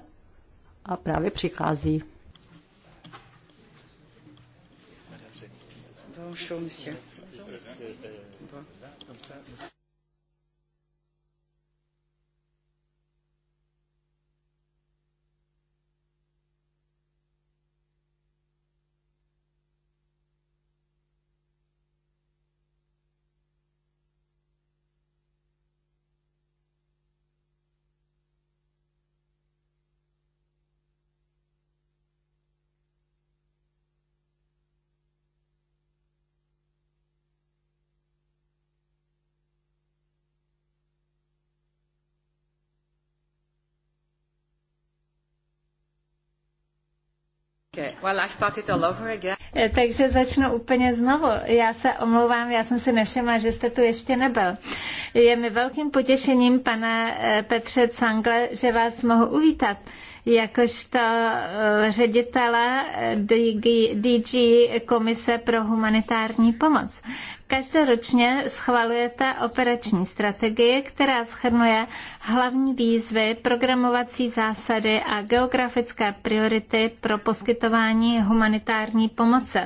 a právě přichází. Bonjour, monsieur. Eh, takže začnu úplně znovu. Já se omlouvám, já jsem si nevšimla, že jste tu ještě nebyl. Je mi velkým potěšením, pane eh, Petře Cangle, že vás mohu uvítat jakožto eh, ředitele DG Komise pro humanitární pomoc. Každoročně schvalujete operační strategii, která schrnuje hlavní výzvy, programovací zásady a geografické priority pro poskytování humanitární pomoci.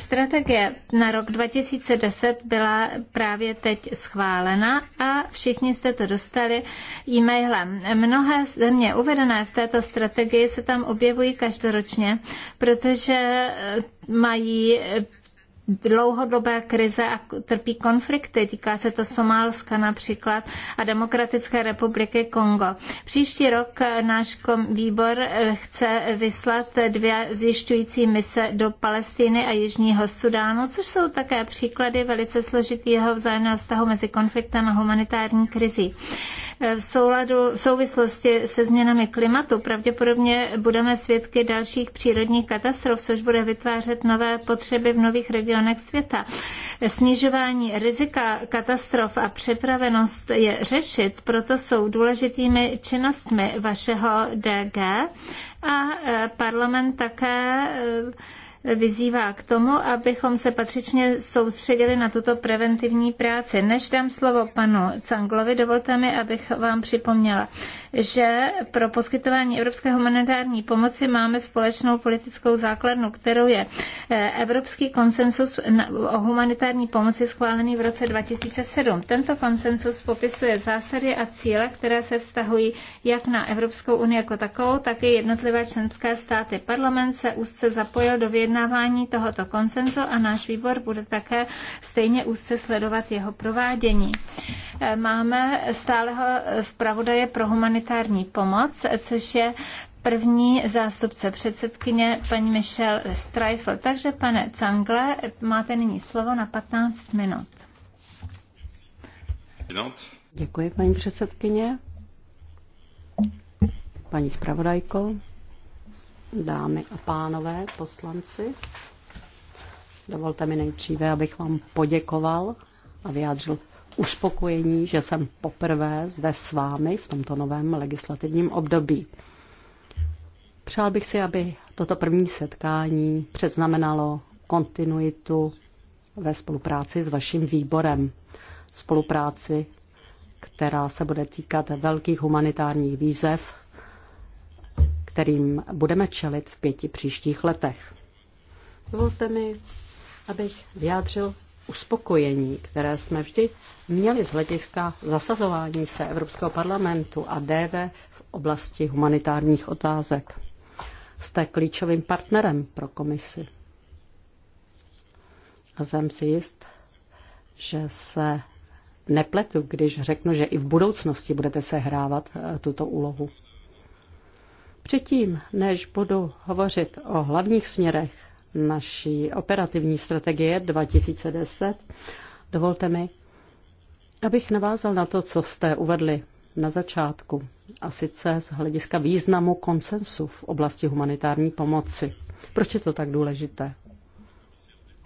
Strategie na rok 2010 byla právě teď schválena a všichni jste to dostali e-mailem. Mnohé země uvedené v této strategii se tam objevují každoročně, protože eh, mají eh, dlouhodobé krize a trpí konflikty. Týká se to Somálska například a Demokratické republiky Kongo. Příští rok náš výbor eh, chce vyslat dvě zjišťující mise do Palestiny a Jižního Sudánu, což jsou také příklady velice složitého vzájemného vztahu mezi konfliktem a humanitární krizí. V, souladu, v souvislosti se změnami klimatu pravděpodobně budeme svědky dalších přírodních katastrof, což bude vytvářet nové potřeby v nových regionech světa. Snižování rizika katastrof a připravenost je řešit, proto jsou důležitými činnostmi vašeho DG a eh, parlament také eh, vyzývá k tomu, abychom se patřičně soustředili na tuto preventivní práci. Než dám slovo panu Canglovi, dovolte mi, abych vám připomněla, že pro poskytování evropské humanitární pomoci máme společnou politickou základnu, kterou je eh, Evropský konsensus o humanitární pomoci schválený v roce 2007. Tento konsensus popisuje zásady a cíle, které se vztahují jak na Evropskou unii jako takovou, tak i jednotlivé členské státy. Parlament se úzce zapojil do vědě vyjednávání tohoto konsenzu a náš výbor bude také stejně úzce sledovat jeho provádění. Eh, máme stáleho zpravodaje pro humanitární pomoc, což je první zástupce předsedkyně, paní Michelle Streifel. Takže, pane Cangle, máte nyní slovo na 15 minut. Děkuji, paní předsedkyně. Paní zpravodajko, dámy a pánové poslanci. Dovolte mi nejdříve, abych vám poděkoval a vyjádřil uspokojení, že jsem poprvé zde s vámi v tomto novém legislativním období. Přál bych si, aby toto první setkání předznamenalo kontinuitu ve spolupráci s vaším výborem. Spolupráci, která se bude týkat velkých humanitárních výzev, kterým budeme čelit v pěti příštích letech. Dovolte mi, abych vyjádřil uspokojení, které jsme vždy měli z hlediska zasazování se Evropského parlamentu a DV v oblasti humanitárních otázek. Jste klíčovým partnerem pro komisi. A jsem si jist, že se nepletu, když řeknu, že i v budoucnosti budete sehrávat eh, tuto úlohu. Předtím, než budu hovořit o hlavních směrech naší operativní strategie 2010, dovolte mi, abych navázal na to, co jste uvedli na začátku, a sice z hlediska významu konsensu v oblasti humanitární pomoci. Proč je to tak důležité?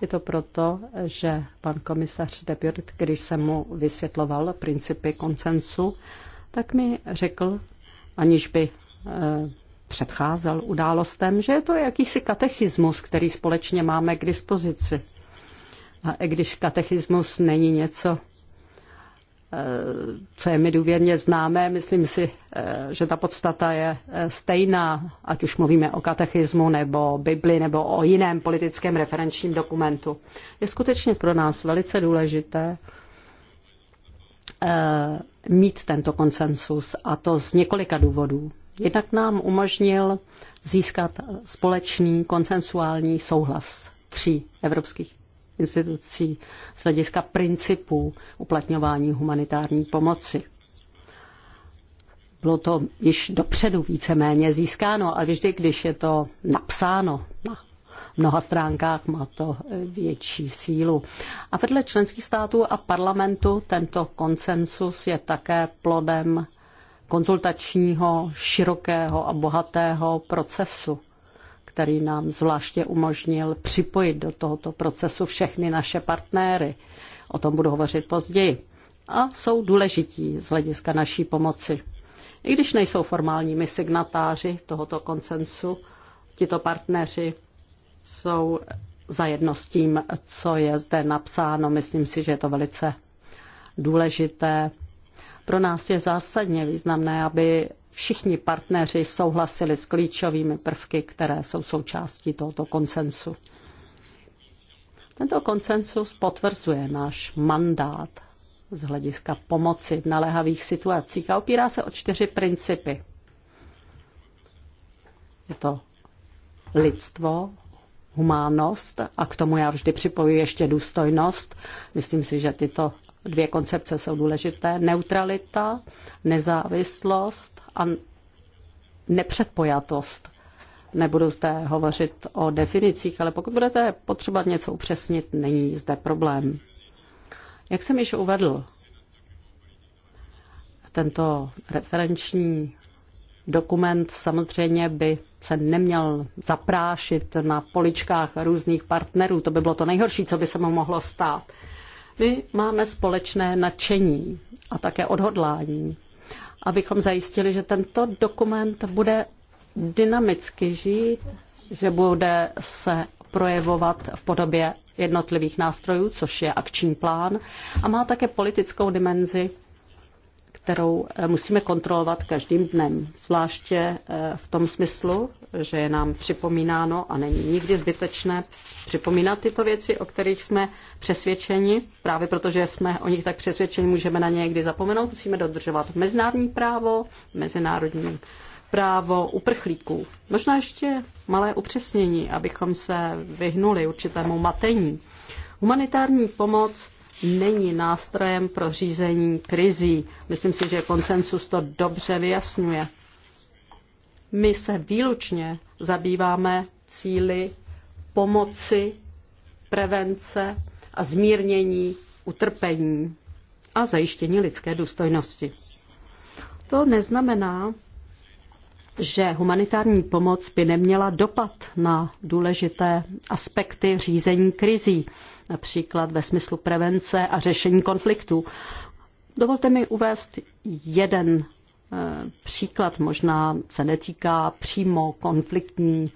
Je to proto, že pan komisař Depirt, když jsem mu vysvětloval principy konsensu, tak mi řekl, aniž by eh, předcházel událostem, že je to jakýsi katechismus, který společně máme k dispozici. A i když katechismus není něco, eh, co je mi důvěrně známé, myslím si, eh, že ta podstata je eh, stejná, ať už mluvíme o katechismu nebo Bibli nebo o jiném politickém referenčním dokumentu. Je skutečně pro nás velice důležité mít tento konsensus a to z několika důvodů. Jednak nám umožnil získat společný konsensuální souhlas tří evropských institucí z hlediska principů uplatňování humanitární pomoci. Bylo to již dopředu víceméně získáno, ale vždy, když je to napsáno na mnoha stránkách, má to větší sílu. A vedle členských států a parlamentu tento konsensus je také plodem konzultačního, širokého a bohatého procesu, který nám zvláště umožnil připojit do tohoto procesu všechny naše partnéry. O tom budu hovořit později. A jsou důležití z hlediska naší pomoci. I když nejsou formálními signatáři tohoto koncensu, tito partneři jsou zajedno s tím, co je zde napsáno. Myslím si, že je to velice důležité pro nás je zásadně významné, aby všichni partneři souhlasili s klíčovými prvky, které jsou součástí tohoto koncensu. Tento koncensus potvrzuje náš mandát z hlediska pomoci v naléhavých situacích a opírá se o čtyři principy. Je to lidstvo, humánnost a k tomu já vždy připojuji ještě důstojnost. Myslím si, že tyto Dvě koncepce jsou důležité. Neutralita, nezávislost a nepředpojatost. Nebudu zde hovořit o definicích, ale pokud budete potřebovat něco upřesnit, není zde problém. Jak jsem již uvedl, tento referenční dokument samozřejmě by se neměl zaprášit na poličkách různých partnerů. To by bylo to nejhorší, co by se mu mohlo stát. My máme společné nadšení a také odhodlání, abychom zajistili, že tento dokument bude dynamicky žít, že bude se projevovat v podobě jednotlivých nástrojů, což je akční plán, a má také politickou dimenzi, kterou eh, musíme kontrolovat každým dnem, zvláště eh, v tom smyslu, že je nám připomínáno a není nikdy zbytečné připomínat tyto věci, o kterých jsme přesvědčeni. Právě protože jsme o nich tak přesvědčeni, můžeme na ně někdy zapomenout. Musíme dodržovat mezinárodní právo, mezinárodní právo uprchlíků. Možná ještě malé upřesnění, abychom se vyhnuli určitému matení. Humanitární pomoc není nástrojem pro řízení krizí. Myslím si, že konsensus to dobře vyjasňuje. My se výlučně zabýváme cíly pomoci, prevence a zmírnění utrpení a zajištění lidské důstojnosti. To neznamená, že humanitární pomoc by neměla dopad na důležité aspekty řízení krizí, například ve smyslu prevence a řešení konfliktů. Dovolte mi uvést jeden eh, příklad, možná se netýká přímo konfliktní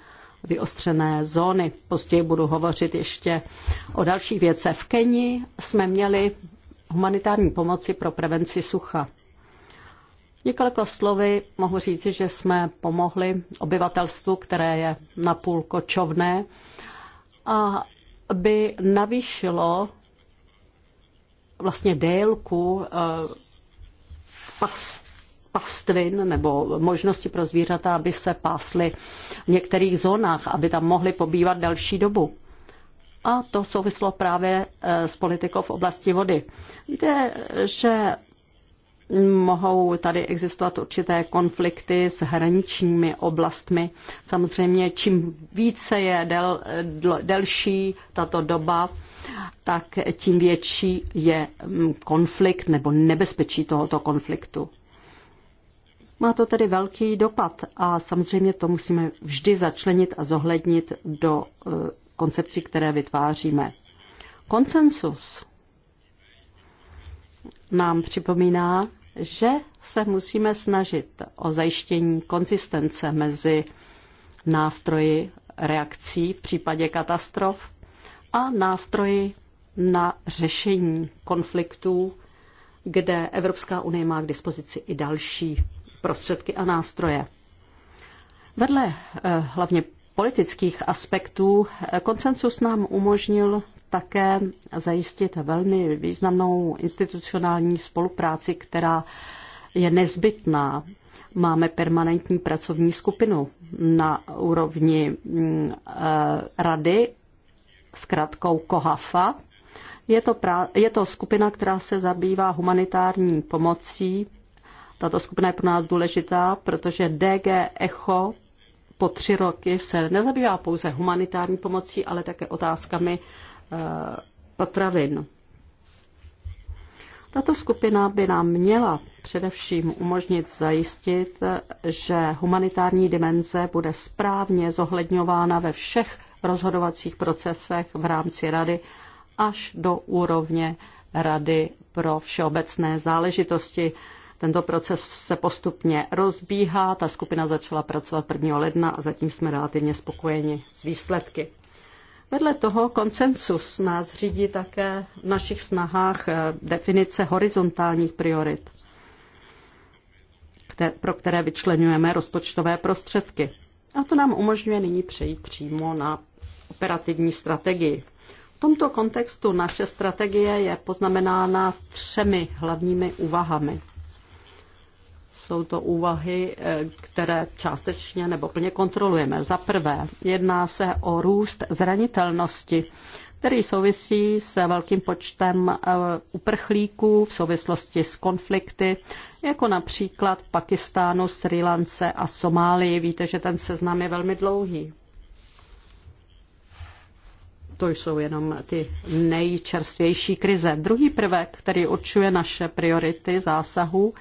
vyostřené zóny. Později budu hovořit ještě o další věce. V Keni jsme měli humanitární pomoci pro prevenci sucha. Několika slovy mohu říci, že jsme pomohli obyvatelstvu, které je napůl kočovné, a by navýšilo vlastně délku eh, past, pastvin nebo možnosti pro zvířata, aby se pásly v některých zónách, aby tam mohly pobývat delší dobu. A to souvislo právě eh, s politikou v oblasti vody. Víte, že mohou tady existovat určité konflikty s hraničními oblastmi. Samozřejmě, čím více je del, del, delší tato doba, tak tím větší je mm, konflikt nebo nebezpečí tohoto konfliktu. Má to tedy velký dopad a samozřejmě to musíme vždy začlenit a zohlednit do e, koncepcí, které vytváříme. Konsensus nám připomíná, že se musíme snažit o zajištění konzistence mezi nástroji reakcí v případě katastrof a nástroji na řešení konfliktů, kde Evropská unie má k dispozici i další prostředky a nástroje. Vedle eh, hlavně politických aspektů eh, koncensus nám umožnil také zajistit velmi významnou institucionální spolupráci, která je nezbytná. Máme permanentní pracovní skupinu na úrovni mm, e, rady s kratkou KOHAFA. Je to, pra, je to skupina, která se zabývá humanitární pomocí. Tato skupina je pro nás důležitá, protože DG ECHO po tři roky se nezabývá pouze humanitární pomocí, ale také otázkami Eh, potravin. Tato skupina by nám měla především umožnit zajistit, že humanitární dimenze bude správně zohledňována ve všech rozhodovacích procesech v rámci Rady až do úrovně Rady pro všeobecné záležitosti. Tento proces se postupně rozbíhá, ta skupina začala pracovat 1. ledna a zatím jsme relativně spokojeni s výsledky. Vedle toho konsensus nás řídí také v našich snahách eh, definice horizontálních priorit, pro které vyčlenujeme rozpočtové prostředky. A to nám umožňuje nyní přejít přímo na operativní strategii. V tomto kontextu naše strategie je poznamenána třemi hlavními úvahami. Jsou to úvahy, eh, které částečně nebo plně kontrolujeme. Za prvé, jedná se o růst zranitelnosti který souvisí s velkým počtem eh, uprchlíků v souvislosti s konflikty, jako například Pakistánu, Sri Lance a Somálii. Víte, že ten seznam je velmi dlouhý. To jsou jenom ty nejčerstvější krize. Druhý prvek, který určuje naše priority zásahu,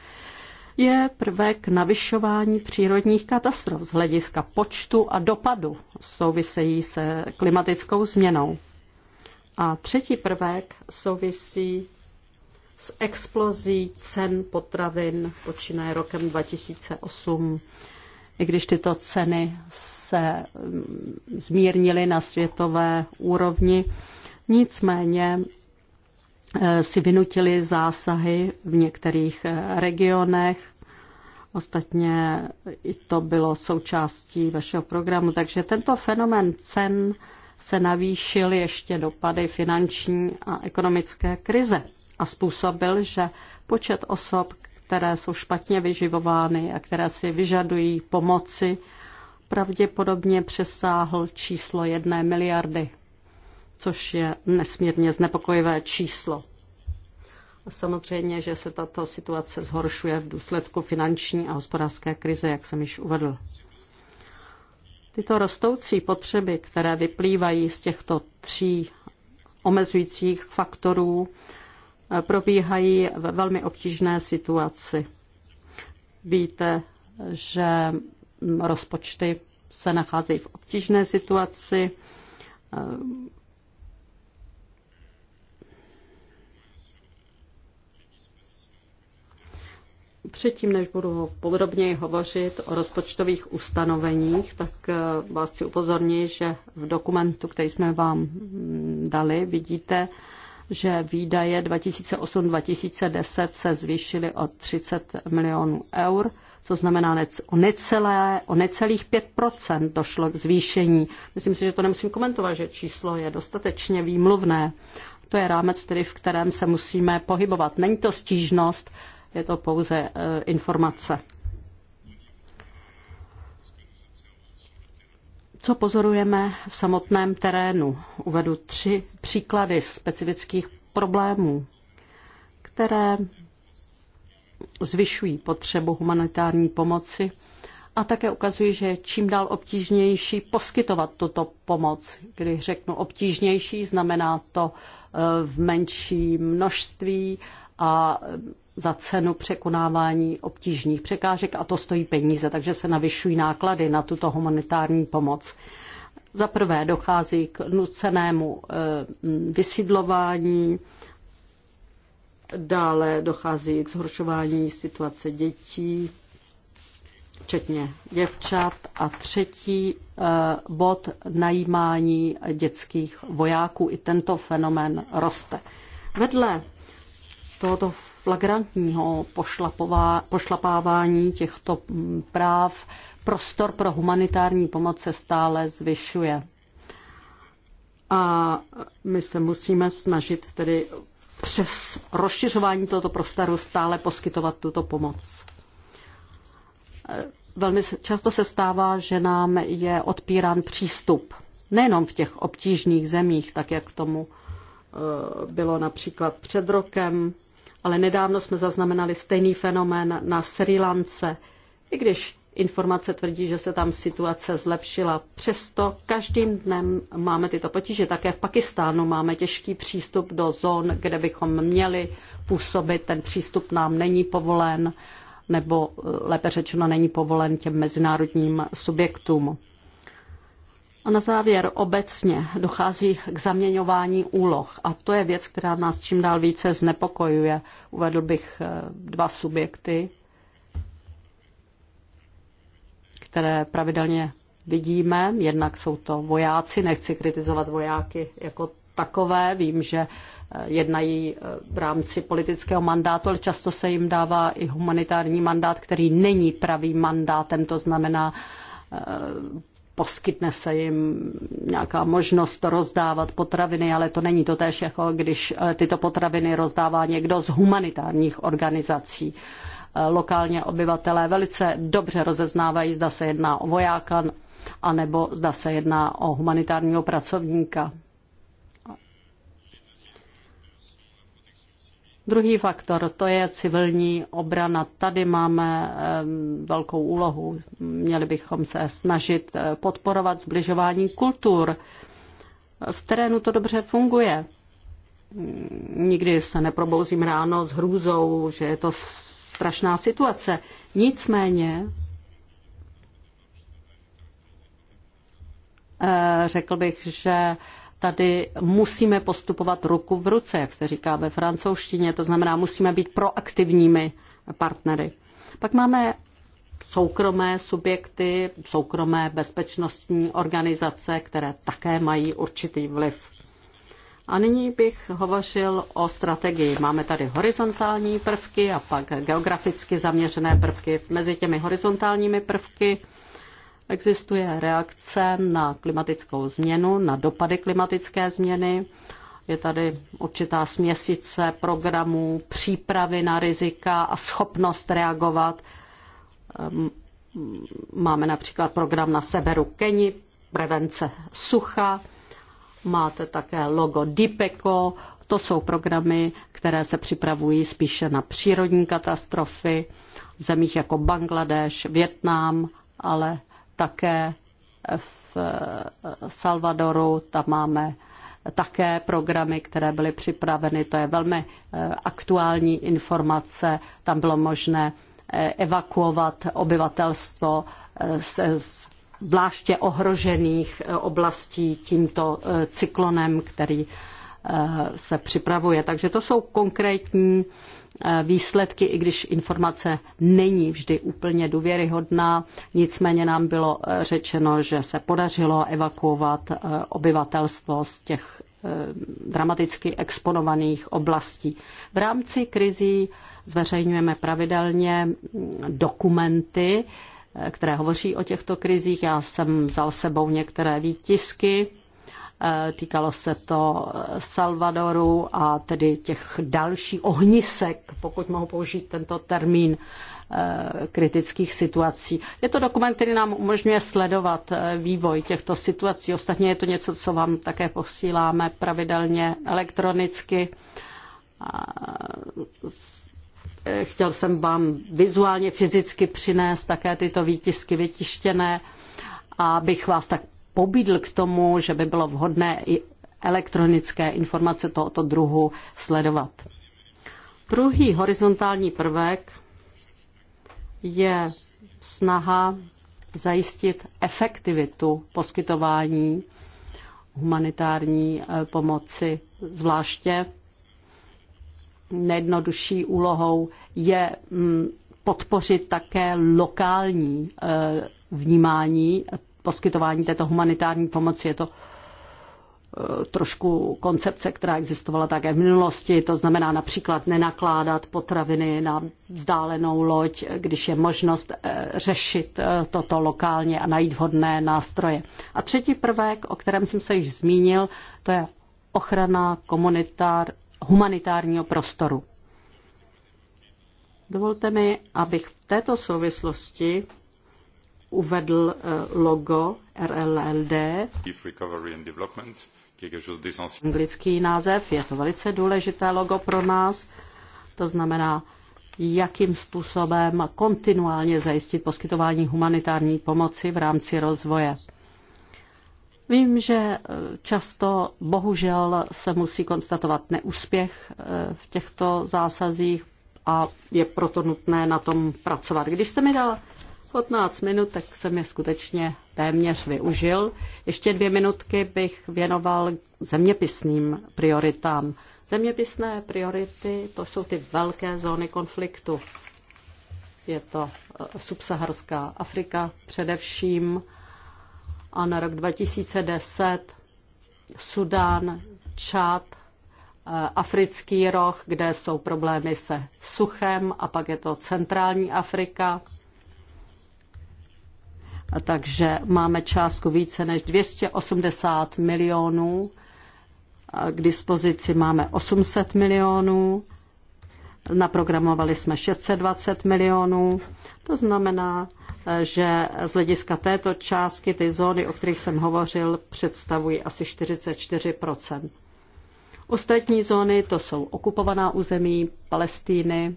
je prvek navyšování přírodních katastrof z hlediska počtu a dopadu souvisejí se klimatickou změnou. A třetí prvek souvisí s explozí cen potravin počínaje rokem 2008 i když tyto ceny se mm, zmírnily na světové úrovni. Nicméně Eh, si vynutili zásahy v některých eh, regionech. Ostatně i to bylo součástí vašeho programu, takže tento fenomén cen se navýšil ještě dopady finanční a ekonomické krize a způsobil, že počet osob, které jsou špatně vyživovány a které si vyžadují pomoci, pravděpodobně přesáhl číslo jedné miliardy což je nesmírně znepokojivé číslo. A samozřejmě, že se tato situace zhoršuje v důsledku finanční a hospodářské krize, jak jsem již uvedl. Tyto rostoucí potřeby, které vyplývají z těchto tří omezujících faktorů, probíhají ve velmi obtížné situaci. Víte, že rozpočty se nacházejí v obtížné situaci. Předtím, než budu podrobněji hovořit o rozpočtových ustanoveních, tak eh, vás chci upozornit, že v dokumentu, který jsme vám mm, dali, vidíte, že výdaje 2008-2010 se zvýšily o 30 milionů eur, co znamená o, necelé, o necelých 5 došlo k zvýšení. Myslím si, že to nemusím komentovat, že číslo je dostatečně výmluvné. To je rámec, tedy v kterém se musíme pohybovat. Není to stížnost, je to pouze e, informace. Co pozorujeme v samotném terénu? Uvedu tři příklady specifických problémů, které zvyšují potřebu humanitární pomoci a také ukazují, že čím dál obtížnější poskytovat tuto pomoc. Když řeknu obtížnější, znamená to e, v menší množství a za cenu překonávání obtížných překážek a to stojí peníze, takže se navyšují náklady na tuto humanitární pomoc. Za prvé dochází k nucenému eh, vysídlování, dále dochází k zhoršování situace dětí, včetně děvčat. A třetí eh, bod najímání dětských vojáků. I tento fenomén roste. Vedle tohoto flagrantního pošlapávání těchto mm, práv prostor pro humanitární pomoc se stále zvyšuje. A my se musíme snažit tedy přes rozšiřování tohoto prostoru stále poskytovat tuto pomoc. Eh, velmi často se stává, že nám je odpírán přístup nejenom v těch obtížných zemích, tak jak tomu eh, bylo například před rokem ale nedávno jsme zaznamenali stejný fenomén na Sri Lance. I když informace tvrdí, že se tam situace zlepšila, přesto každým dnem máme tyto potíže. Také v Pakistánu máme těžký přístup do zón, kde bychom měli působit. Ten přístup nám není povolen, nebo eh, lépe řečeno není povolen těm mezinárodním subjektům. A na závěr obecně dochází k zaměňování úloh a to je věc, která nás čím dál více znepokojuje. Uvedl bych eh, dva subjekty, které pravidelně vidíme. Jednak jsou to vojáci, nechci kritizovat vojáky jako takové, vím, že eh, jednají eh, v rámci politického mandátu, ale často se jim dává i humanitární mandát, který není pravým mandátem, to znamená poskytne se jim nějaká možnost rozdávat potraviny, ale to není to tež, jako když eh, tyto potraviny rozdává někdo z humanitárních organizací. Eh, lokálně obyvatelé velice dobře rozeznávají, zda se jedná o vojáka, anebo zda se jedná o humanitárního pracovníka. Druhý faktor, to je civilní obrana. Tady máme velkou úlohu. Měli bychom se snažit eh, podporovat zbližování kultur. V terénu to dobře funguje. Nikdy se neprobouzím ráno s hrůzou, že je to strašná situace. Nicméně eh, řekl bych, že tady musíme postupovat ruku v ruce, jak se říká ve francouzštině, to znamená, musíme být proaktivními partnery. Pak máme soukromé subjekty, soukromé bezpečnostní organizace, které také mají určitý vliv. A nyní bych hovořil o strategii. Máme tady horizontální prvky a pak geograficky zaměřené prvky. Mezi těmi horizontálními prvky Existuje reakce na klimatickou změnu, na dopady klimatické změny. Je tady určitá směsice programů, přípravy na rizika a schopnost reagovat. Ehm, máme například program na severu Keni, prevence sucha. Máte také logo DIPECO, to jsou programy, které se připravují spíše na přírodní katastrofy v zemích jako Bangladeš, Větnam, ale také v eh, Salvadoru, tam máme také programy, které byly připraveny. To je velmi eh, aktuální informace. Tam bylo možné eh, evakuovat obyvatelstvo se zvláště ohrožených oblastí tímto cyklonem, který se připravuje. Takže to jsou konkrétní Eh, výsledky, i když informace není vždy úplně důvěryhodná. Nicméně nám bylo eh, řečeno, že se podařilo evakuovat eh, obyvatelstvo z těch dramaticky exponovaných oblastí. V rámci krizí zveřejňujeme pravidelně mm, dokumenty, které hovoří o těchto krizích. Já jsem vzal sebou některé výtisky Eh, týkalo se to eh, Salvadoru a tedy těch dalších ohnisek, pokud mohu použít tento termín, eh, kritických situací. Je to dokument, který nám umožňuje sledovat vývoj těchto situací. Ostatně je to něco, co vám také posíláme pravidelně elektronicky. Chtěl jsem vám vizuálně, fyzicky přinést také tyto výtisky vytištěné, abych vás tak pobídl k tomu, že by bylo vhodné i elektronické informace tohoto druhu sledovat. Druhý horizontální prvek je snaha zajistit efektivitu poskytování humanitární eh, pomoci, zvláště nejjednodušší úlohou je mm, podpořit také lokální eh, vnímání poskytování této humanitární pomoci. Je to e, trošku koncepce, která existovala také v minulosti, to znamená například nenakládat potraviny na vzdálenou loď, když je možnost e, řešit e, toto lokálně a najít vhodné nástroje. A třetí prvek, o kterém jsem se již zmínil, to je ochrana komunitár, humanitárního prostoru. Dovolte mi, abych v této souvislosti uvedl eh, logo RLLD. Anglický název, je to velice důležité logo pro nás, to znamená, jakým způsobem kontinuálně zajistit poskytování humanitární pomoci v rámci rozvoje. Vím, že eh, často bohužel se musí konstatovat neúspěch eh, v těchto zásazích a je proto nutné na tom pracovat. Když jste mi dal 15 minut, tak jsem je skutečně téměř využil. Ještě dvě minutky bych věnoval zeměpisným prioritám. Zeměpisné priority, to jsou ty velké zóny konfliktu. Je to eh, subsaharská Afrika především a na rok 2010 Sudán, Čad, africký roh, kde jsou problémy se suchem a pak je to centrální Afrika, takže máme částku více než 280 milionů, k dispozici máme 800 milionů, naprogramovali jsme 620 milionů, to znamená, že z hlediska této částky ty zóny, o kterých jsem hovořil, představují asi 44 Ostatní zóny to jsou okupovaná území Palestíny.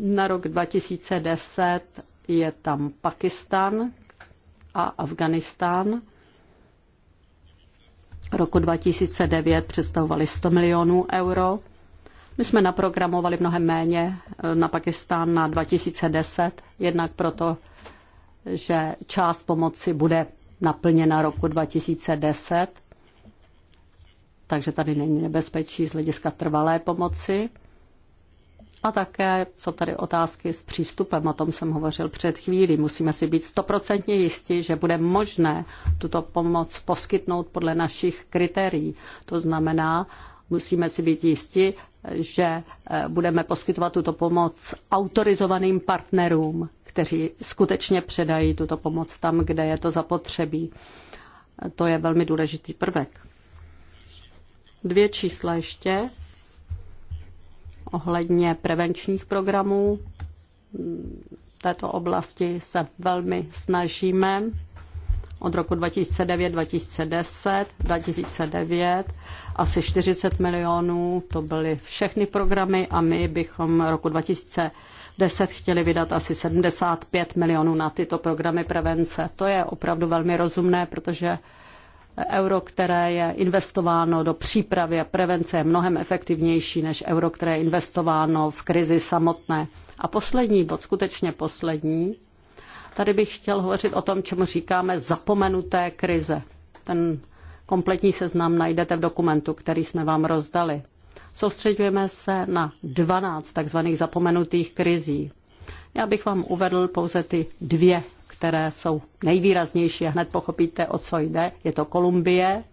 Na rok 2010 je tam Pakistan a Afganistán. Roku 2009 představovali 100 milionů euro. My jsme naprogramovali mnohem méně eh, na Pakistán na 2010, jednak proto, že část pomoci bude naplněna roku 2010, takže tady není nebezpečí z hlediska trvalé pomoci. A také jsou tady otázky s přístupem, o tom jsem hovořil před chvílí. Musíme si být stoprocentně jistí, že bude možné tuto pomoc poskytnout podle našich kritérií. To znamená, musíme si být jisti, že eh, budeme poskytovat tuto pomoc autorizovaným partnerům, kteří skutečně předají tuto pomoc tam, kde je to zapotřebí. To je velmi důležitý prvek. Dvě čísla ještě ohledně prevenčních programů. V této oblasti se velmi snažíme od roku 2009, 2010, 2009 asi 40 milionů, to byly všechny programy a my bychom roku 2010 chtěli vydat asi 75 milionů na tyto programy prevence. To je opravdu velmi rozumné, protože Euro, které je investováno do přípravy a prevence, je mnohem efektivnější než euro, které je investováno v krizi samotné. A poslední bod, skutečně poslední, tady bych chtěl hovořit o tom, čemu říkáme zapomenuté krize. Ten kompletní seznam najdete v dokumentu, který jsme vám rozdali. Soustředujeme se na 12 takzvaných zapomenutých krizí. Já bych vám uvedl pouze ty dvě které jsou nejvýraznější a hned pochopíte, o co jde. Je to Kolumbie.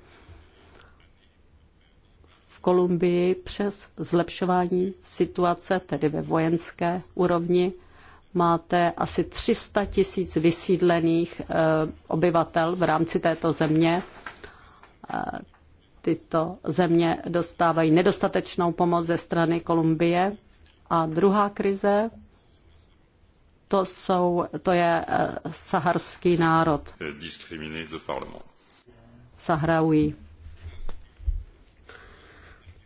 V Kolumbii přes zlepšování situace, tedy ve vojenské úrovni, máte asi 300 tisíc vysídlených eh, obyvatel v rámci této země. Eh, tyto země dostávají nedostatečnou pomoc ze strany Kolumbie. A druhá krize to, jsou, to je eh, saharský národ. Sahraují.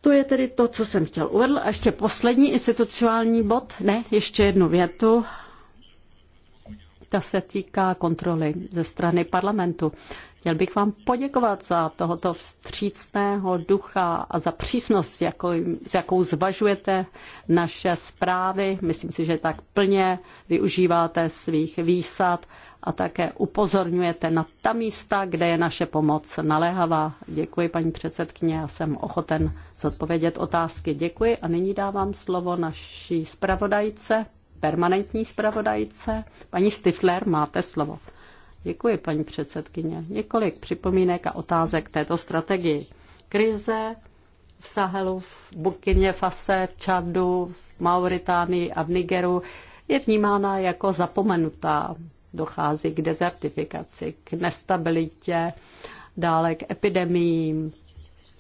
To je tedy to, co jsem chtěl uvedl. A ještě poslední institucionální bod, ne, ještě jednu větu. Ta se týká kontroly ze strany parlamentu. Chtěl bych vám poděkovat za tohoto vstřícného ducha a za přísnost, jako, s jakou zvažujete naše zprávy. Myslím si, že tak plně využíváte svých výsad a také upozorňujete na ta místa, kde je naše pomoc naléhavá. Děkuji, paní předsedkyně, já jsem ochoten zodpovědět otázky. Děkuji a nyní dávám slovo naší zpravodajce, permanentní zpravodajce. Paní Stifler, máte slovo. Děkuji, paní předsedkyně. Několik připomínek a otázek této strategii. Krize v Sahelu, v Burkině Fase, v Čadu, v Mauritánii a v Nigeru je vnímána jako zapomenutá. Dochází k dezertifikaci, k nestabilitě, dále k epidemiím.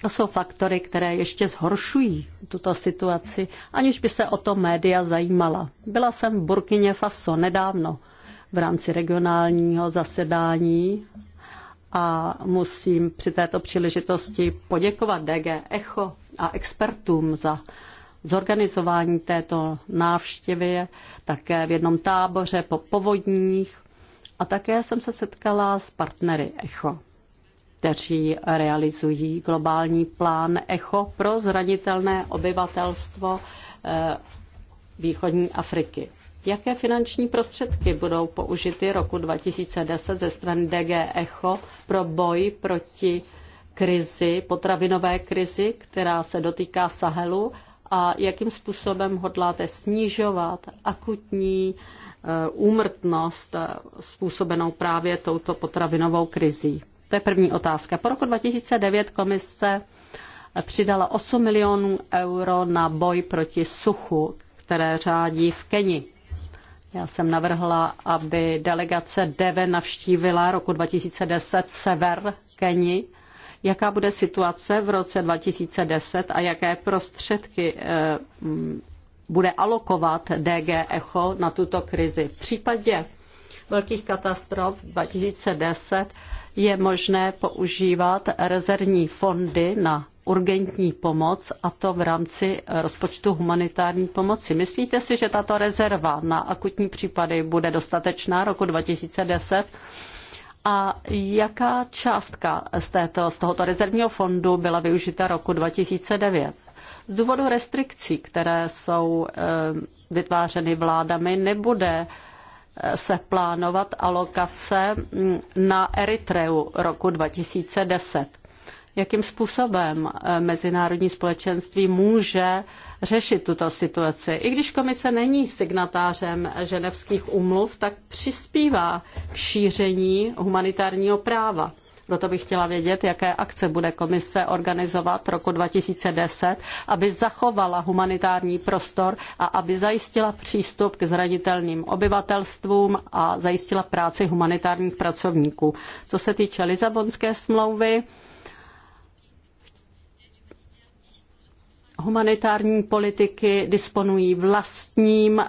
To jsou faktory, které ještě zhoršují tuto situaci, aniž by se o to média zajímala. Byla jsem v Burkině Faso nedávno v rámci regionálního zasedání a musím při této příležitosti poděkovat DG Echo a expertům za zorganizování této návštěvy, také v jednom táboře po povodních a také jsem se setkala s partnery Echo, kteří realizují globální plán Echo pro zranitelné obyvatelstvo eh, východní Afriky. Jaké finanční prostředky budou použity roku 2010 ze strany DG ECHO pro boj proti krizi, potravinové krizi, která se dotýká Sahelu a jakým způsobem hodláte snižovat akutní eh, úmrtnost eh, způsobenou právě touto potravinovou krizí? To je první otázka. Po roku 2009 komise eh, přidala 8 milionů euro na boj proti suchu, které řádí v Keni. Já jsem navrhla, aby delegace DEVE navštívila roku 2010 sever Keni. Jaká bude situace v roce 2010 a jaké prostředky eh, bude alokovat DG ECHO na tuto krizi? V případě velkých katastrof 2010 je možné používat rezervní fondy na urgentní pomoc a to v rámci eh, rozpočtu humanitární pomoci. Myslíte si, že tato rezerva na akutní případy bude dostatečná roku 2010? A jaká částka z, této, z tohoto rezervního fondu byla využita roku 2009? Z důvodu restrikcí, které jsou eh, vytvářeny vládami, nebude eh, se plánovat alokace mm, na Eritreu roku 2010 jakým způsobem eh, mezinárodní společenství může řešit tuto situaci. I když komise není signatářem ženevských úmluv, tak přispívá k šíření humanitárního práva. Proto bych chtěla vědět, jaké akce bude komise organizovat roku 2010, aby zachovala humanitární prostor a aby zajistila přístup k zranitelným obyvatelstvům a zajistila práci humanitárních pracovníků. Co se týče Lizabonské smlouvy, humanitární politiky disponují vlastním eh,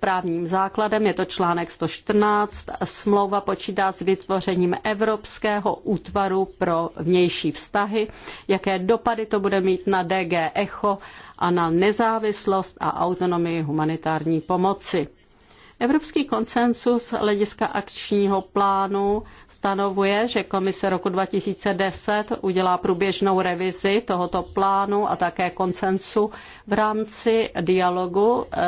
právním základem, je to článek 114. Smlouva počítá s vytvořením Evropského útvaru pro vnější vztahy. Jaké dopady to bude mít na DG ECHO a na nezávislost a autonomii humanitární pomoci? Evropský konsensus hlediska akčního plánu stanovuje, že komise roku 2010 udělá průběžnou revizi tohoto plánu a také koncensu v rámci dialogu eh,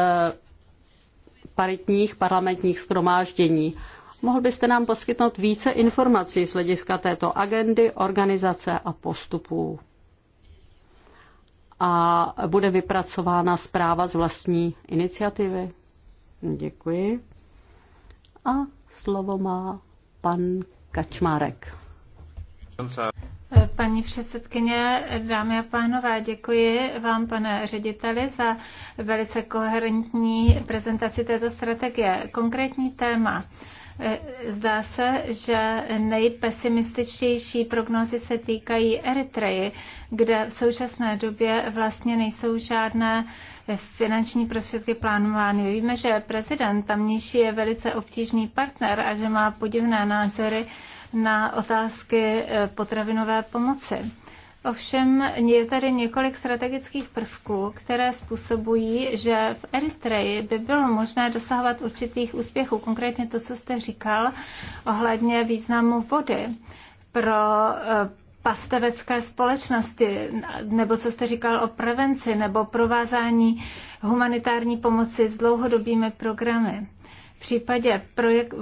paritních parlamentních schromáždění. Mohl byste nám poskytnout více informací z hlediska této agendy, organizace a postupů? A bude vypracována zpráva z vlastní iniciativy? Děkuji. A slovo má pan Kačmárek. Paní předsedkyně, dámy a pánové, děkuji vám, pane řediteli, za velice koherentní prezentaci této strategie. Konkrétní téma. Zdá se, že nejpesimističtější prognózy se týkají Eritreji, kde v současné době vlastně nejsou žádné finanční prostředky plánovány. Víme, že prezident tamnější je velice obtížný partner a že má podivné názory na otázky e, potravinové pomoci. Ovšem je tady několik strategických prvků, které způsobují, že v Eritreji by bylo možné dosahovat určitých úspěchů, konkrétně to, co jste říkal ohledně významu vody pro e, pastevecké společnosti, nebo co jste říkal o prevenci, nebo provázání humanitární pomoci s dlouhodobými programy. V případě projek-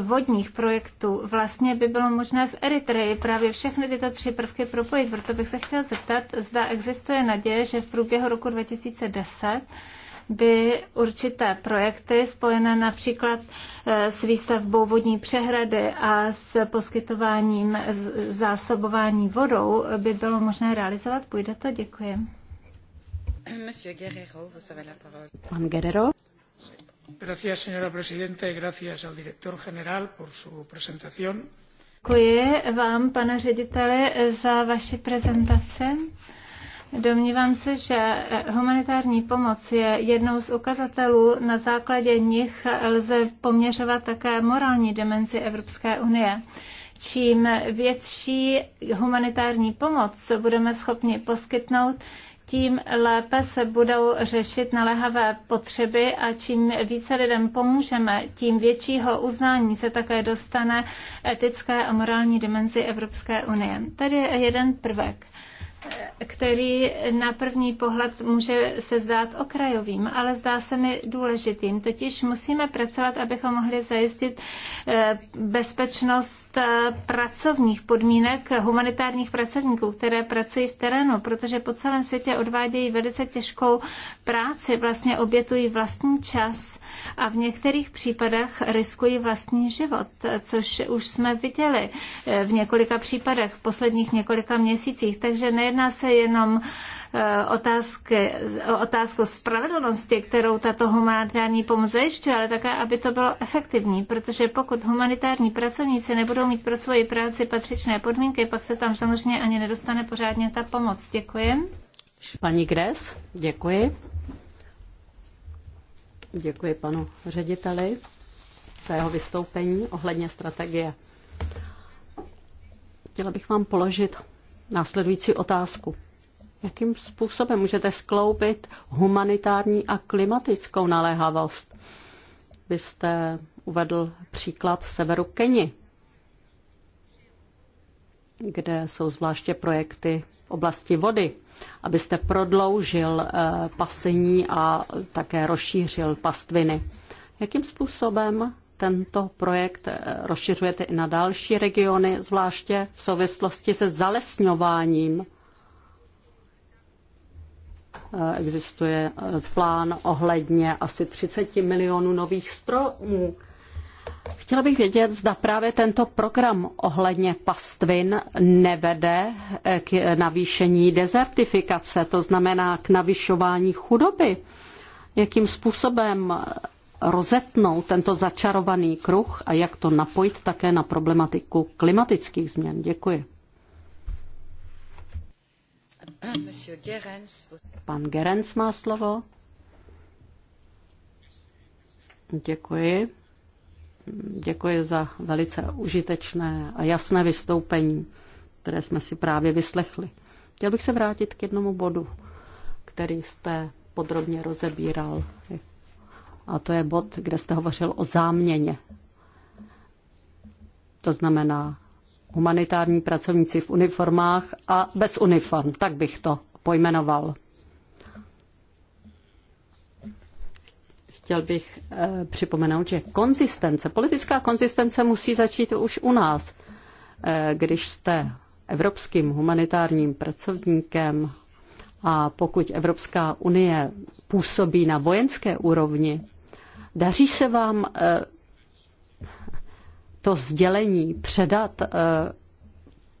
vodních projektů vlastně by bylo možné v Eritreji právě všechny tyto tři prvky propojit. Proto bych se chtěla zeptat, zda existuje naděje, že v průběhu roku 2010 by určité projekty spojené například eh, s výstavbou vodní přehrady a s poskytováním zásobování vodou by bylo možné realizovat. Půjde to? Děkuji. Pan Guerrero, Gracias, avez la parole. señora presidenta gracias al director general por su presentación. Děkuji vám, pane řediteli, za vaši prezentaci. Domnívám se, že humanitární pomoc je jednou z ukazatelů, na základě nich lze poměřovat také morální dimenzi Evropské unie. Čím větší humanitární pomoc budeme schopni poskytnout, tím lépe se budou řešit naléhavé potřeby a čím více lidem pomůžeme, tím většího uznání se také dostane etické a morální dimenzi Evropské unie. Tady je jeden prvek který na první pohled může se zdát okrajovým, ale zdá se mi důležitým. Totiž musíme pracovat, abychom mohli zajistit eh, bezpečnost eh, pracovních podmínek humanitárních pracovníků, které pracují v terénu, protože po celém světě odvádějí velice těžkou práci, vlastně obětují vlastní čas a v některých případech riskují vlastní život, což už jsme viděli eh, v několika případech v posledních několika měsících. Takže nejedná se jenom eh, otázky, otázku spravedlnosti, kterou tato humanitární pomoc zajišťuje, ale také, aby to bylo efektivní, protože pokud humanitární pracovníci nebudou mít pro svoji práci patřičné podmínky, pak se tam samozřejmě ani nedostane pořádně ta pomoc. Děkuji. Paní Gres, děkuji. Děkuji panu řediteli za jeho vystoupení ohledně strategie. Chtěla bych vám položit následující otázku. Jakým způsobem můžete skloubit humanitární a klimatickou naléhavost? Vy jste uvedl příklad severu Keni kde jsou zvláště projekty v oblasti vody, abyste prodloužil eh, pasení a také rozšířil pastviny. Jakým způsobem tento projekt eh, rozšiřujete i na další regiony, zvláště v souvislosti se zalesňováním? Eh, existuje plán ohledně asi 30 milionů nových stromů Chtěla bych vědět, zda právě tento program ohledně pastvin nevede eh, k navýšení dezertifikace, to znamená k navyšování chudoby. Jakým způsobem rozetnout tento začarovaný kruh a jak to napojit také na problematiku klimatických změn. Děkuji. Pan Gerenc má slovo. Děkuji. Děkuji za velice užitečné a jasné vystoupení, které jsme si právě vyslechli. Chtěl bych se vrátit k jednomu bodu, který jste podrobně rozebíral. A to je bod, kde jste hovořil o záměně. To znamená humanitární pracovníci v uniformách a bez uniform. Tak bych to pojmenoval. chtěl bych eh, připomenout, že konzistence, politická konzistence musí začít už u nás. Eh, když jste evropským humanitárním pracovníkem a pokud Evropská unie působí na vojenské úrovni, daří se vám eh, to sdělení předat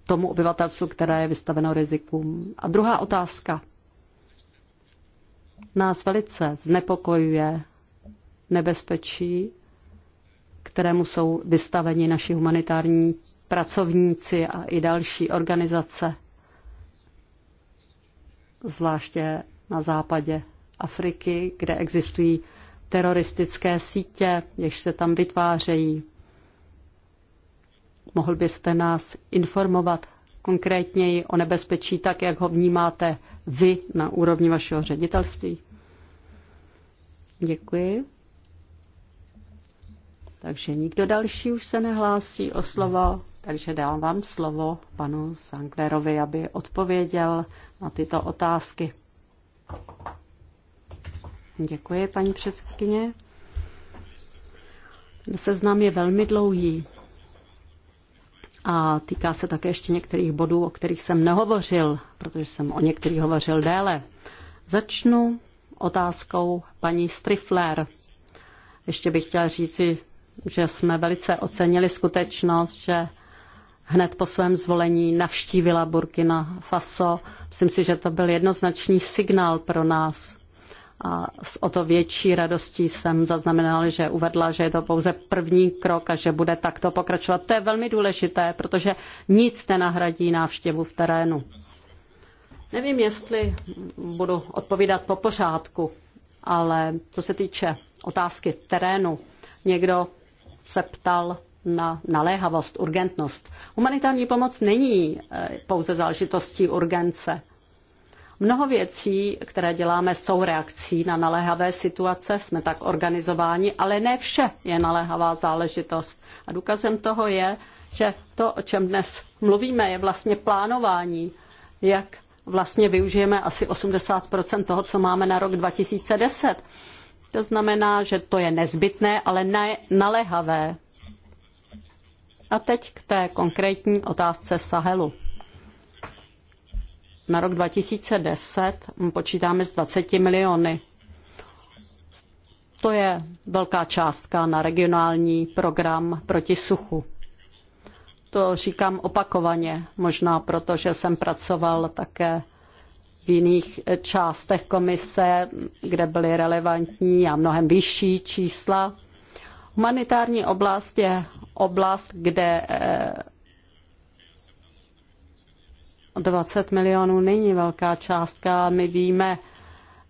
tomu obyvatelstvu, které je vystaveno rizikům. A druhá otázka. Nás velice znepokojuje nebezpečí, kterému jsou vystaveni naši humanitární pracovníci a i další organizace, zvláště na západě Afriky, kde existují teroristické sítě, jež se tam vytvářejí. Mohl byste nás informovat konkrétněji o nebezpečí, tak jak ho vnímáte vy na úrovni vašeho ředitelství? Děkuji. Takže nikdo další už se nehlásí o slovo, takže dávám slovo panu Sanklerovi, aby odpověděl na tyto otázky. Děkuji, paní předsedkyně. Seznam je velmi dlouhý a týká se také ještě některých bodů, o kterých jsem nehovořil, protože jsem o některých hovořil déle. Začnu otázkou paní Strifler. Ještě bych chtěla říci, že jsme velice ocenili skutečnost, že hned po svém zvolení navštívila Burkina Faso. Myslím si, že to byl jednoznačný signál pro nás. A s o to větší radostí jsem zaznamenala, že uvedla, že je to pouze první krok a že bude takto pokračovat. To je velmi důležité, protože nic nenahradí návštěvu v terénu. Nevím, jestli budu odpovídat po pořádku, ale co se týče otázky terénu, někdo se ptal na naléhavost, urgentnost. Humanitární pomoc není eh, pouze záležitostí urgence. Mnoho věcí, které děláme, jsou reakcí na naléhavé situace, jsme tak organizováni, ale ne vše je naléhavá záležitost. A důkazem toho je, že to, o čem dnes mluvíme, je vlastně plánování, jak vlastně využijeme asi 80 toho, co máme na rok 2010. To znamená, že to je nezbytné, ale ne naléhavé. A teď k té konkrétní otázce Sahelu. Na rok 2010 počítáme s 20 miliony. To je velká částka na regionální program proti suchu. To říkám opakovaně, možná proto, že jsem pracoval také v jiných částech komise, kde byly relevantní a mnohem vyšší čísla. Humanitární oblast je oblast, kde 20 eh, milionů není velká částka. My víme,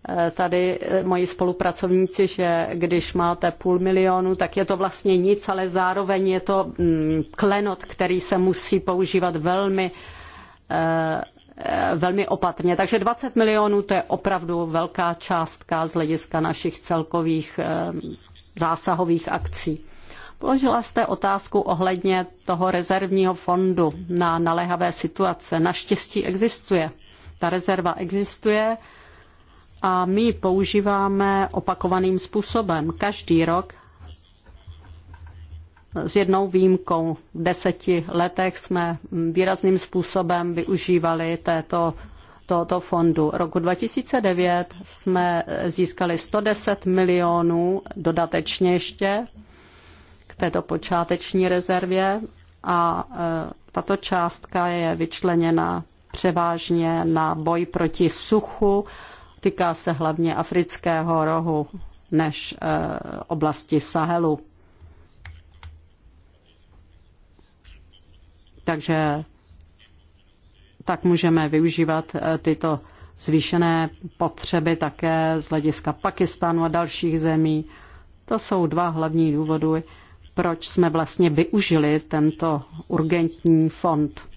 eh, tady eh, moji spolupracovníci, že když máte půl milionu, tak je to vlastně nic, ale zároveň je to mm, klenot, který se musí používat velmi Eh, velmi opatrně. Takže 20 milionů to je opravdu velká částka z hlediska našich celkových eh, zásahových akcí. Položila jste otázku ohledně toho rezervního fondu na naléhavé situace. Naštěstí existuje. Ta rezerva existuje a my ji používáme opakovaným způsobem. Každý rok s jednou výjimkou. V deseti letech jsme výrazným způsobem využívali této tohoto fondu. Roku 2009 jsme získali 110 milionů dodatečně ještě k této počáteční rezervě a e, tato částka je vyčleněna převážně na boj proti suchu, týká se hlavně afrického rohu než e, oblasti Sahelu. Takže tak můžeme využívat eh, tyto zvýšené potřeby také z hlediska Pakistánu a dalších zemí. To jsou dva hlavní důvody, proč jsme vlastně využili tento urgentní fond.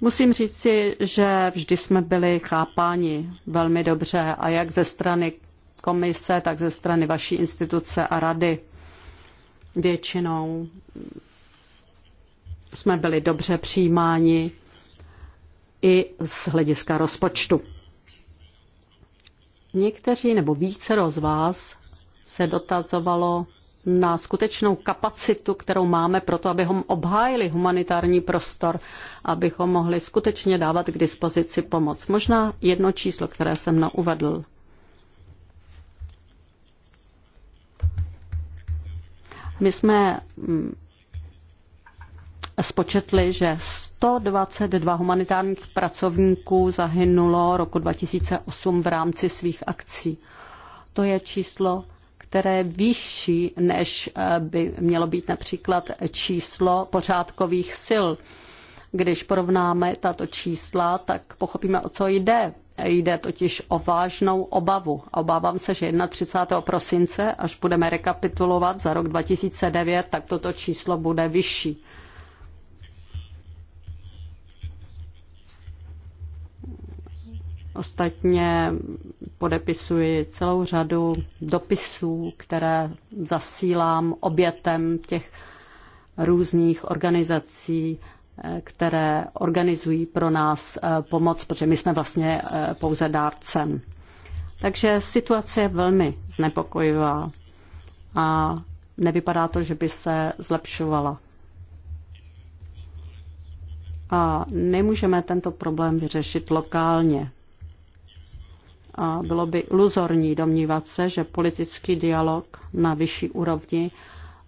Musím říci, že vždy jsme byli chápáni velmi dobře a jak ze strany komise, tak ze strany vaší instituce a rady většinou jsme byli dobře přijímáni i z hlediska rozpočtu. Někteří nebo více z vás se dotazovalo na skutečnou kapacitu, kterou máme pro to, abychom obhájili humanitární prostor, abychom mohli skutečně dávat k dispozici pomoc. Možná jedno číslo, které jsem na uvedl, My jsme mm, spočetli, že 122 humanitárních pracovníků zahynulo roku 2008 v rámci svých akcí. To je číslo, které je vyšší, než eh, by mělo být například číslo pořádkových sil. Když porovnáme tato čísla, tak pochopíme, o co jde. Jde totiž o vážnou obavu. Obávám se, že 31. prosince, až budeme rekapitulovat za rok 2009, tak toto číslo bude vyšší. Ostatně podepisuji celou řadu dopisů, které zasílám obětem těch různých organizací, eh, které organizují pro nás eh, pomoc, protože my jsme vlastně eh, pouze dárcem. Takže situace je velmi znepokojivá a nevypadá to, že by se zlepšovala. A nemůžeme tento problém vyřešit lokálně a bylo by iluzorní domnívat se, že politický dialog na vyšší úrovni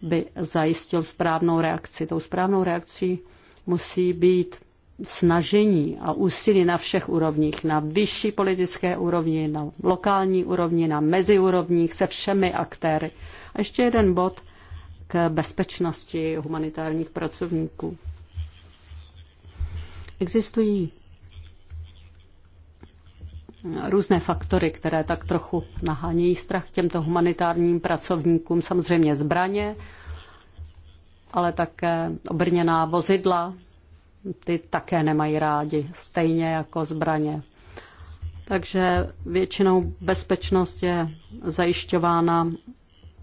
by zajistil správnou reakci. Tou správnou reakcí musí být snažení a úsilí na všech úrovních, na vyšší politické úrovni, na lokální úrovni, na meziúrovních, se všemi aktéry. A ještě jeden bod k bezpečnosti humanitárních pracovníků. Existují různé faktory, které tak trochu nahánějí strach těmto humanitárním pracovníkům. Samozřejmě zbraně, ale také obrněná vozidla, ty také nemají rádi, stejně jako zbraně. Takže většinou bezpečnost je zajišťována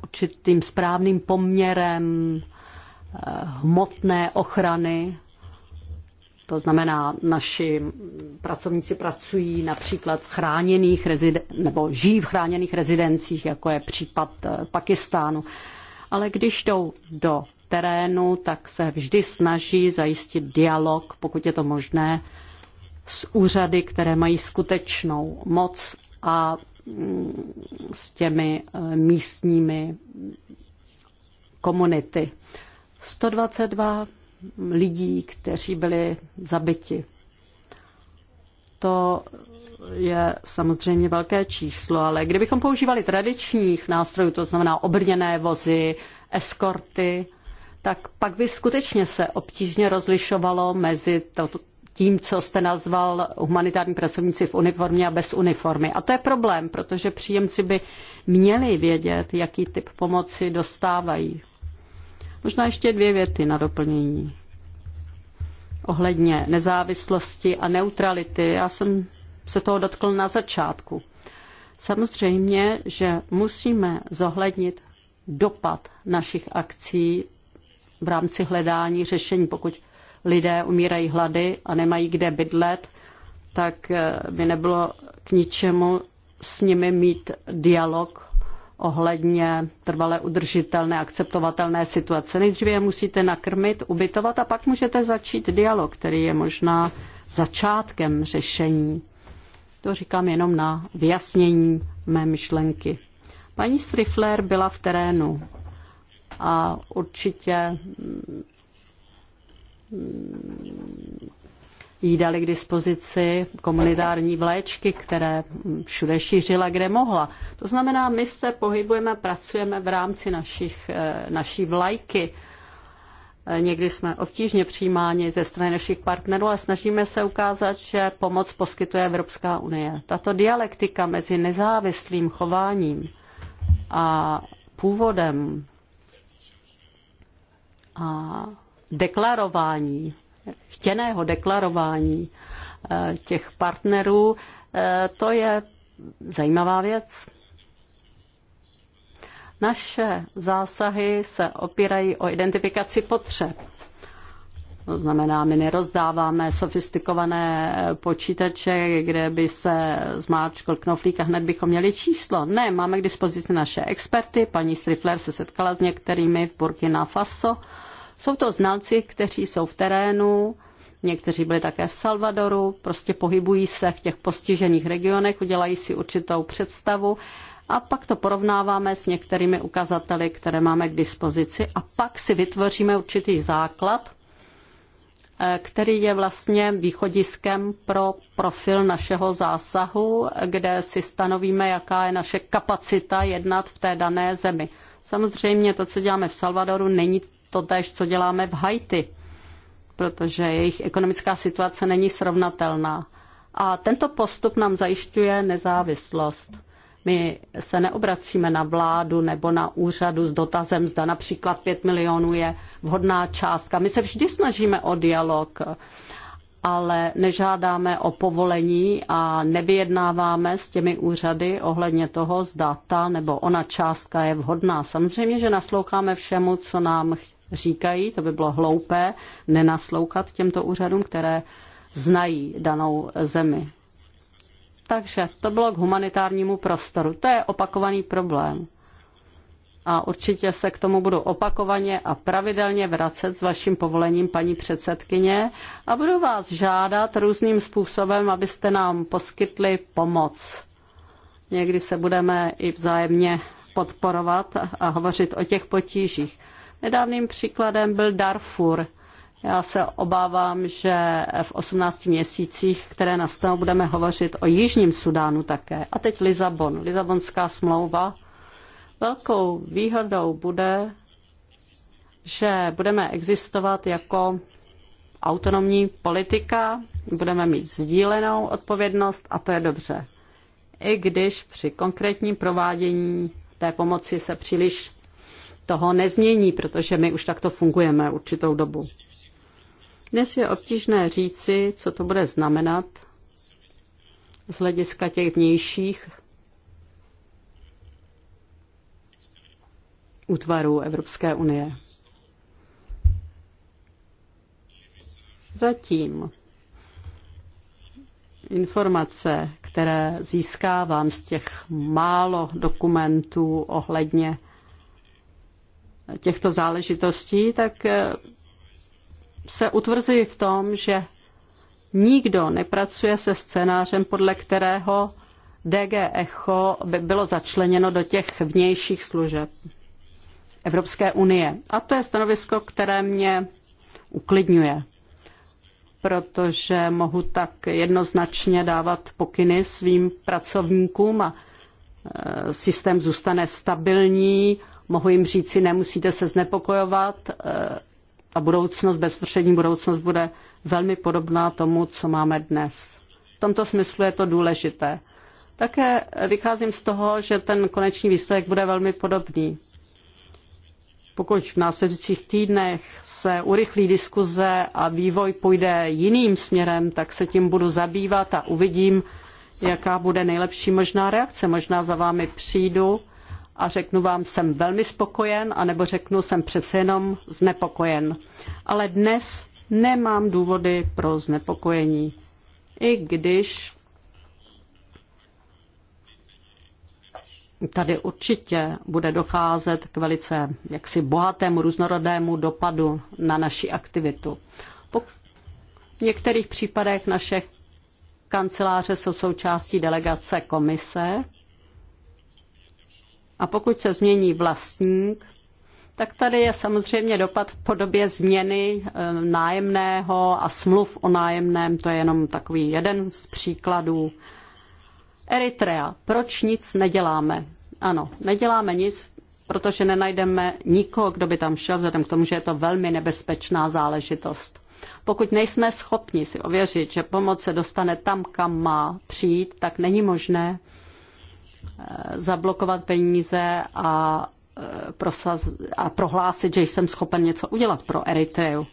určitým správným poměrem eh, hmotné ochrany to znamená, naši pracovníci pracují například v chráněných reziden- nebo žijí v chráněných rezidencích, jako je případ eh, Pakistánu. Ale když jdou do terénu, tak se vždy snaží zajistit dialog, pokud je to možné, s úřady, které mají skutečnou moc a mm, s těmi eh, místními komunity. 122 lidí, kteří byli zabiti. To je samozřejmě velké číslo, ale kdybychom používali tradičních nástrojů, to znamená obrněné vozy, eskorty, tak pak by skutečně se obtížně rozlišovalo mezi to, tím, co jste nazval humanitární pracovníci v uniformě a bez uniformy. A to je problém, protože příjemci by měli vědět, jaký typ pomoci dostávají. Možná ještě dvě věty na doplnění ohledně nezávislosti a neutrality. Já jsem se toho dotkl na začátku. Samozřejmě, že musíme zohlednit dopad našich akcí v rámci hledání řešení. Pokud lidé umírají hlady a nemají kde bydlet, tak by nebylo k ničemu s nimi mít dialog ohledně trvale udržitelné, akceptovatelné situace. Nejdříve je musíte nakrmit, ubytovat a pak můžete začít dialog, který je možná začátkem řešení. To říkám jenom na vyjasnění mé myšlenky. Paní Strifler byla v terénu a určitě jí dali k dispozici komunitární vléčky, které všude šířila, kde mohla. To znamená, my se pohybujeme, pracujeme v rámci našich, eh, naší vlajky. Eh, někdy jsme obtížně přijímáni ze strany našich partnerů, ale snažíme se ukázat, že pomoc poskytuje Evropská unie. Tato dialektika mezi nezávislým chováním a původem a deklarování chtěného deklarování eh, těch partnerů, eh, to je zajímavá věc. Naše zásahy se opírají o identifikaci potřeb. To znamená, my nerozdáváme sofistikované počítače, kde by se zmáčkol knoflík a hned bychom měli číslo. Ne, máme k dispozici naše experty. Paní Strifler se setkala s některými v Burkina Faso jsou to znalci, kteří jsou v terénu, někteří byli také v Salvadoru, prostě pohybují se v těch postižených regionech, udělají si určitou představu a pak to porovnáváme s některými ukazateli, které máme k dispozici a pak si vytvoříme určitý základ, eh, který je vlastně východiskem pro profil našeho zásahu, kde si stanovíme, jaká je naše kapacita jednat v té dané zemi. Samozřejmě to, co děláme v Salvadoru, není to tež, co děláme v Haiti, protože jejich ekonomická situace není srovnatelná. A tento postup nám zajišťuje nezávislost. My se neobracíme na vládu nebo na úřadu s dotazem, zda například 5 milionů je vhodná částka. My se vždy snažíme o dialog, ale nežádáme o povolení a nevyjednáváme s těmi úřady ohledně toho, zda ta nebo ona částka je vhodná. Samozřejmě, že nasloucháme všemu, co nám říkají. To by bylo hloupé nenaslouchat těmto úřadům, které znají danou zemi. Takže to bylo k humanitárnímu prostoru. To je opakovaný problém. A určitě se k tomu budu opakovaně a pravidelně vracet s vaším povolením, paní předsedkyně, a budu vás žádat různým způsobem, abyste nám poskytli pomoc. Někdy se budeme i vzájemně podporovat a hovořit o těch potížích. Nedávným příkladem byl Darfur. Já se obávám, že v 18 měsících, které nastanou, budeme hovořit o Jižním Sudánu také. A teď Lisabon, Lisabonská smlouva. Velkou výhodou bude, že budeme existovat jako autonomní politika, budeme mít sdílenou odpovědnost a to je dobře. I když při konkrétním provádění té pomoci se příliš toho nezmění, protože my už takto fungujeme určitou dobu. Dnes je obtížné říci, co to bude znamenat z hlediska těch vnějších útvarů Evropské unie. Zatím informace, které získávám z těch málo dokumentů ohledně těchto záležitostí, tak eh, se utvrzuji v tom, že nikdo nepracuje se scénářem, podle kterého DG Echo by bylo začleněno do těch vnějších služeb Evropské unie. A to je stanovisko, které mě uklidňuje, protože mohu tak jednoznačně dávat pokyny svým pracovníkům a eh, systém zůstane stabilní, mohu jim říci, nemusíte se znepokojovat eh, a budoucnost, bezprostřední budoucnost bude velmi podobná tomu, co máme dnes. V tomto smyslu je to důležité. Také vycházím z toho, že ten konečný výsledek bude velmi podobný. Pokud v následujících týdnech se urychlí diskuze a vývoj půjde jiným směrem, tak se tím budu zabývat a uvidím, jaká bude nejlepší možná reakce. Možná za vámi přijdu a řeknu vám, jsem velmi spokojen, anebo řeknu, jsem přece jenom znepokojen. Ale dnes nemám důvody pro znepokojení. I když tady určitě bude docházet k velice jaksi bohatému různorodému dopadu na naši aktivitu. v některých případech naše kanceláře jsou součástí delegace komise a pokud se změní vlastník, tak tady je samozřejmě dopad v podobě změny e, nájemného a smluv o nájemném. To je jenom takový jeden z příkladů. Eritrea. Proč nic neděláme? Ano, neděláme nic, protože nenajdeme nikoho, kdo by tam šel, vzhledem k tomu, že je to velmi nebezpečná záležitost. Pokud nejsme schopni si ověřit, že pomoc se dostane tam, kam má přijít, tak není možné, Eh, zablokovat peníze a, eh, prosaz, a prohlásit, že jsem schopen něco udělat pro Eritreu.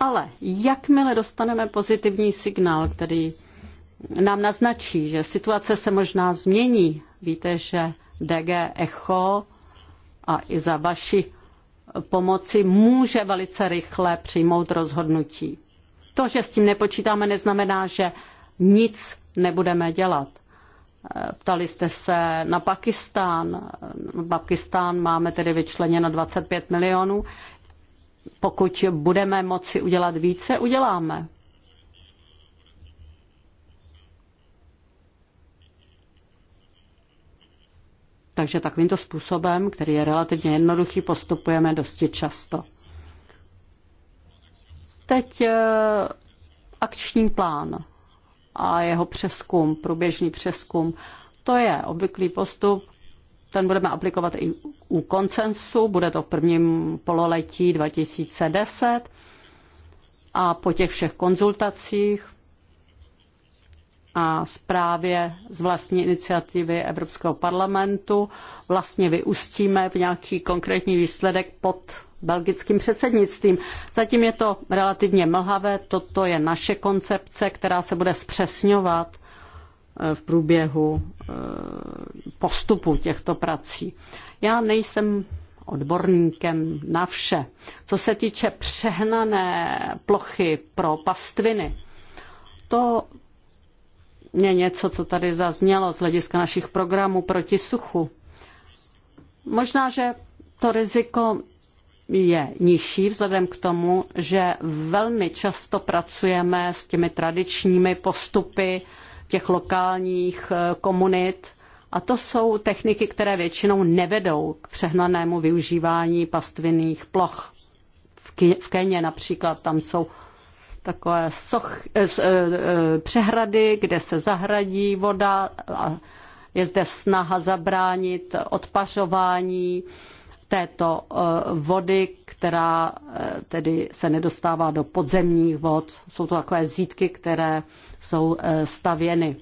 Ale jakmile dostaneme pozitivní signál, který nám naznačí, že situace se možná změní, víte, že DG Echo a i za vaši pomoci může velice rychle přijmout rozhodnutí. To, že s tím nepočítáme, neznamená, že nic nebudeme dělat. Eh, ptali jste se na Pakistán. V Pakistán máme tedy vyčleněno 25 milionů. Pokud budeme moci udělat více, uděláme. Takže takovýmto způsobem, který je relativně jednoduchý, postupujeme dosti často. Teď eh, akční plán a jeho přeskum, průběžný přeskum. To je obvyklý postup, ten budeme aplikovat i u koncensu, bude to v prvním pololetí 2010 a po těch všech konzultacích a zprávě z vlastní iniciativy Evropského parlamentu vlastně vyústíme v nějaký konkrétní výsledek pod belgickým předsednictvím. Zatím je to relativně mlhavé, toto je naše koncepce, která se bude zpřesňovat eh, v průběhu eh, postupu těchto prací. Já nejsem odborníkem na vše. Co se týče přehnané plochy pro pastviny, to něco, co tady zaznělo z hlediska našich programů proti suchu. Možná, že to riziko je nižší vzhledem k tomu, že velmi často pracujeme s těmi tradičními postupy těch lokálních eh, komunit. A to jsou techniky, které většinou nevedou k přehnanému využívání pastvinných ploch. V Keně například tam jsou takové soch, eh, eh, eh, přehrady, kde se zahradí voda a je zde snaha zabránit odpařování této vody, která tedy se nedostává do podzemních vod. Jsou to takové zítky, které jsou stavěny.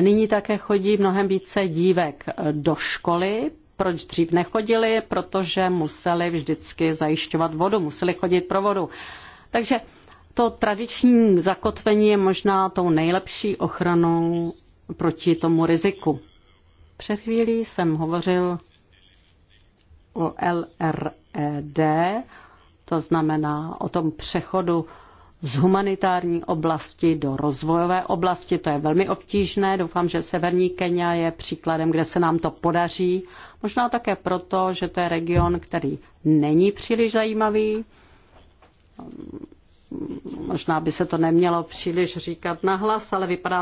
Nyní také chodí mnohem více dívek do školy, proč dřív nechodili? Protože museli vždycky zajišťovat vodu, museli chodit pro vodu. Takže to tradiční zakotvení je možná tou nejlepší ochranou proti tomu riziku. Před chvílí jsem hovořil o LRED, to znamená o tom přechodu z humanitární oblasti do rozvojové oblasti. To je velmi obtížné. Doufám, že Severní Kenia je příkladem, kde se nám to podaří Možná také proto, že to je region, který není příliš zajímavý. Možná by se to nemělo příliš říkat nahlas, ale vypadá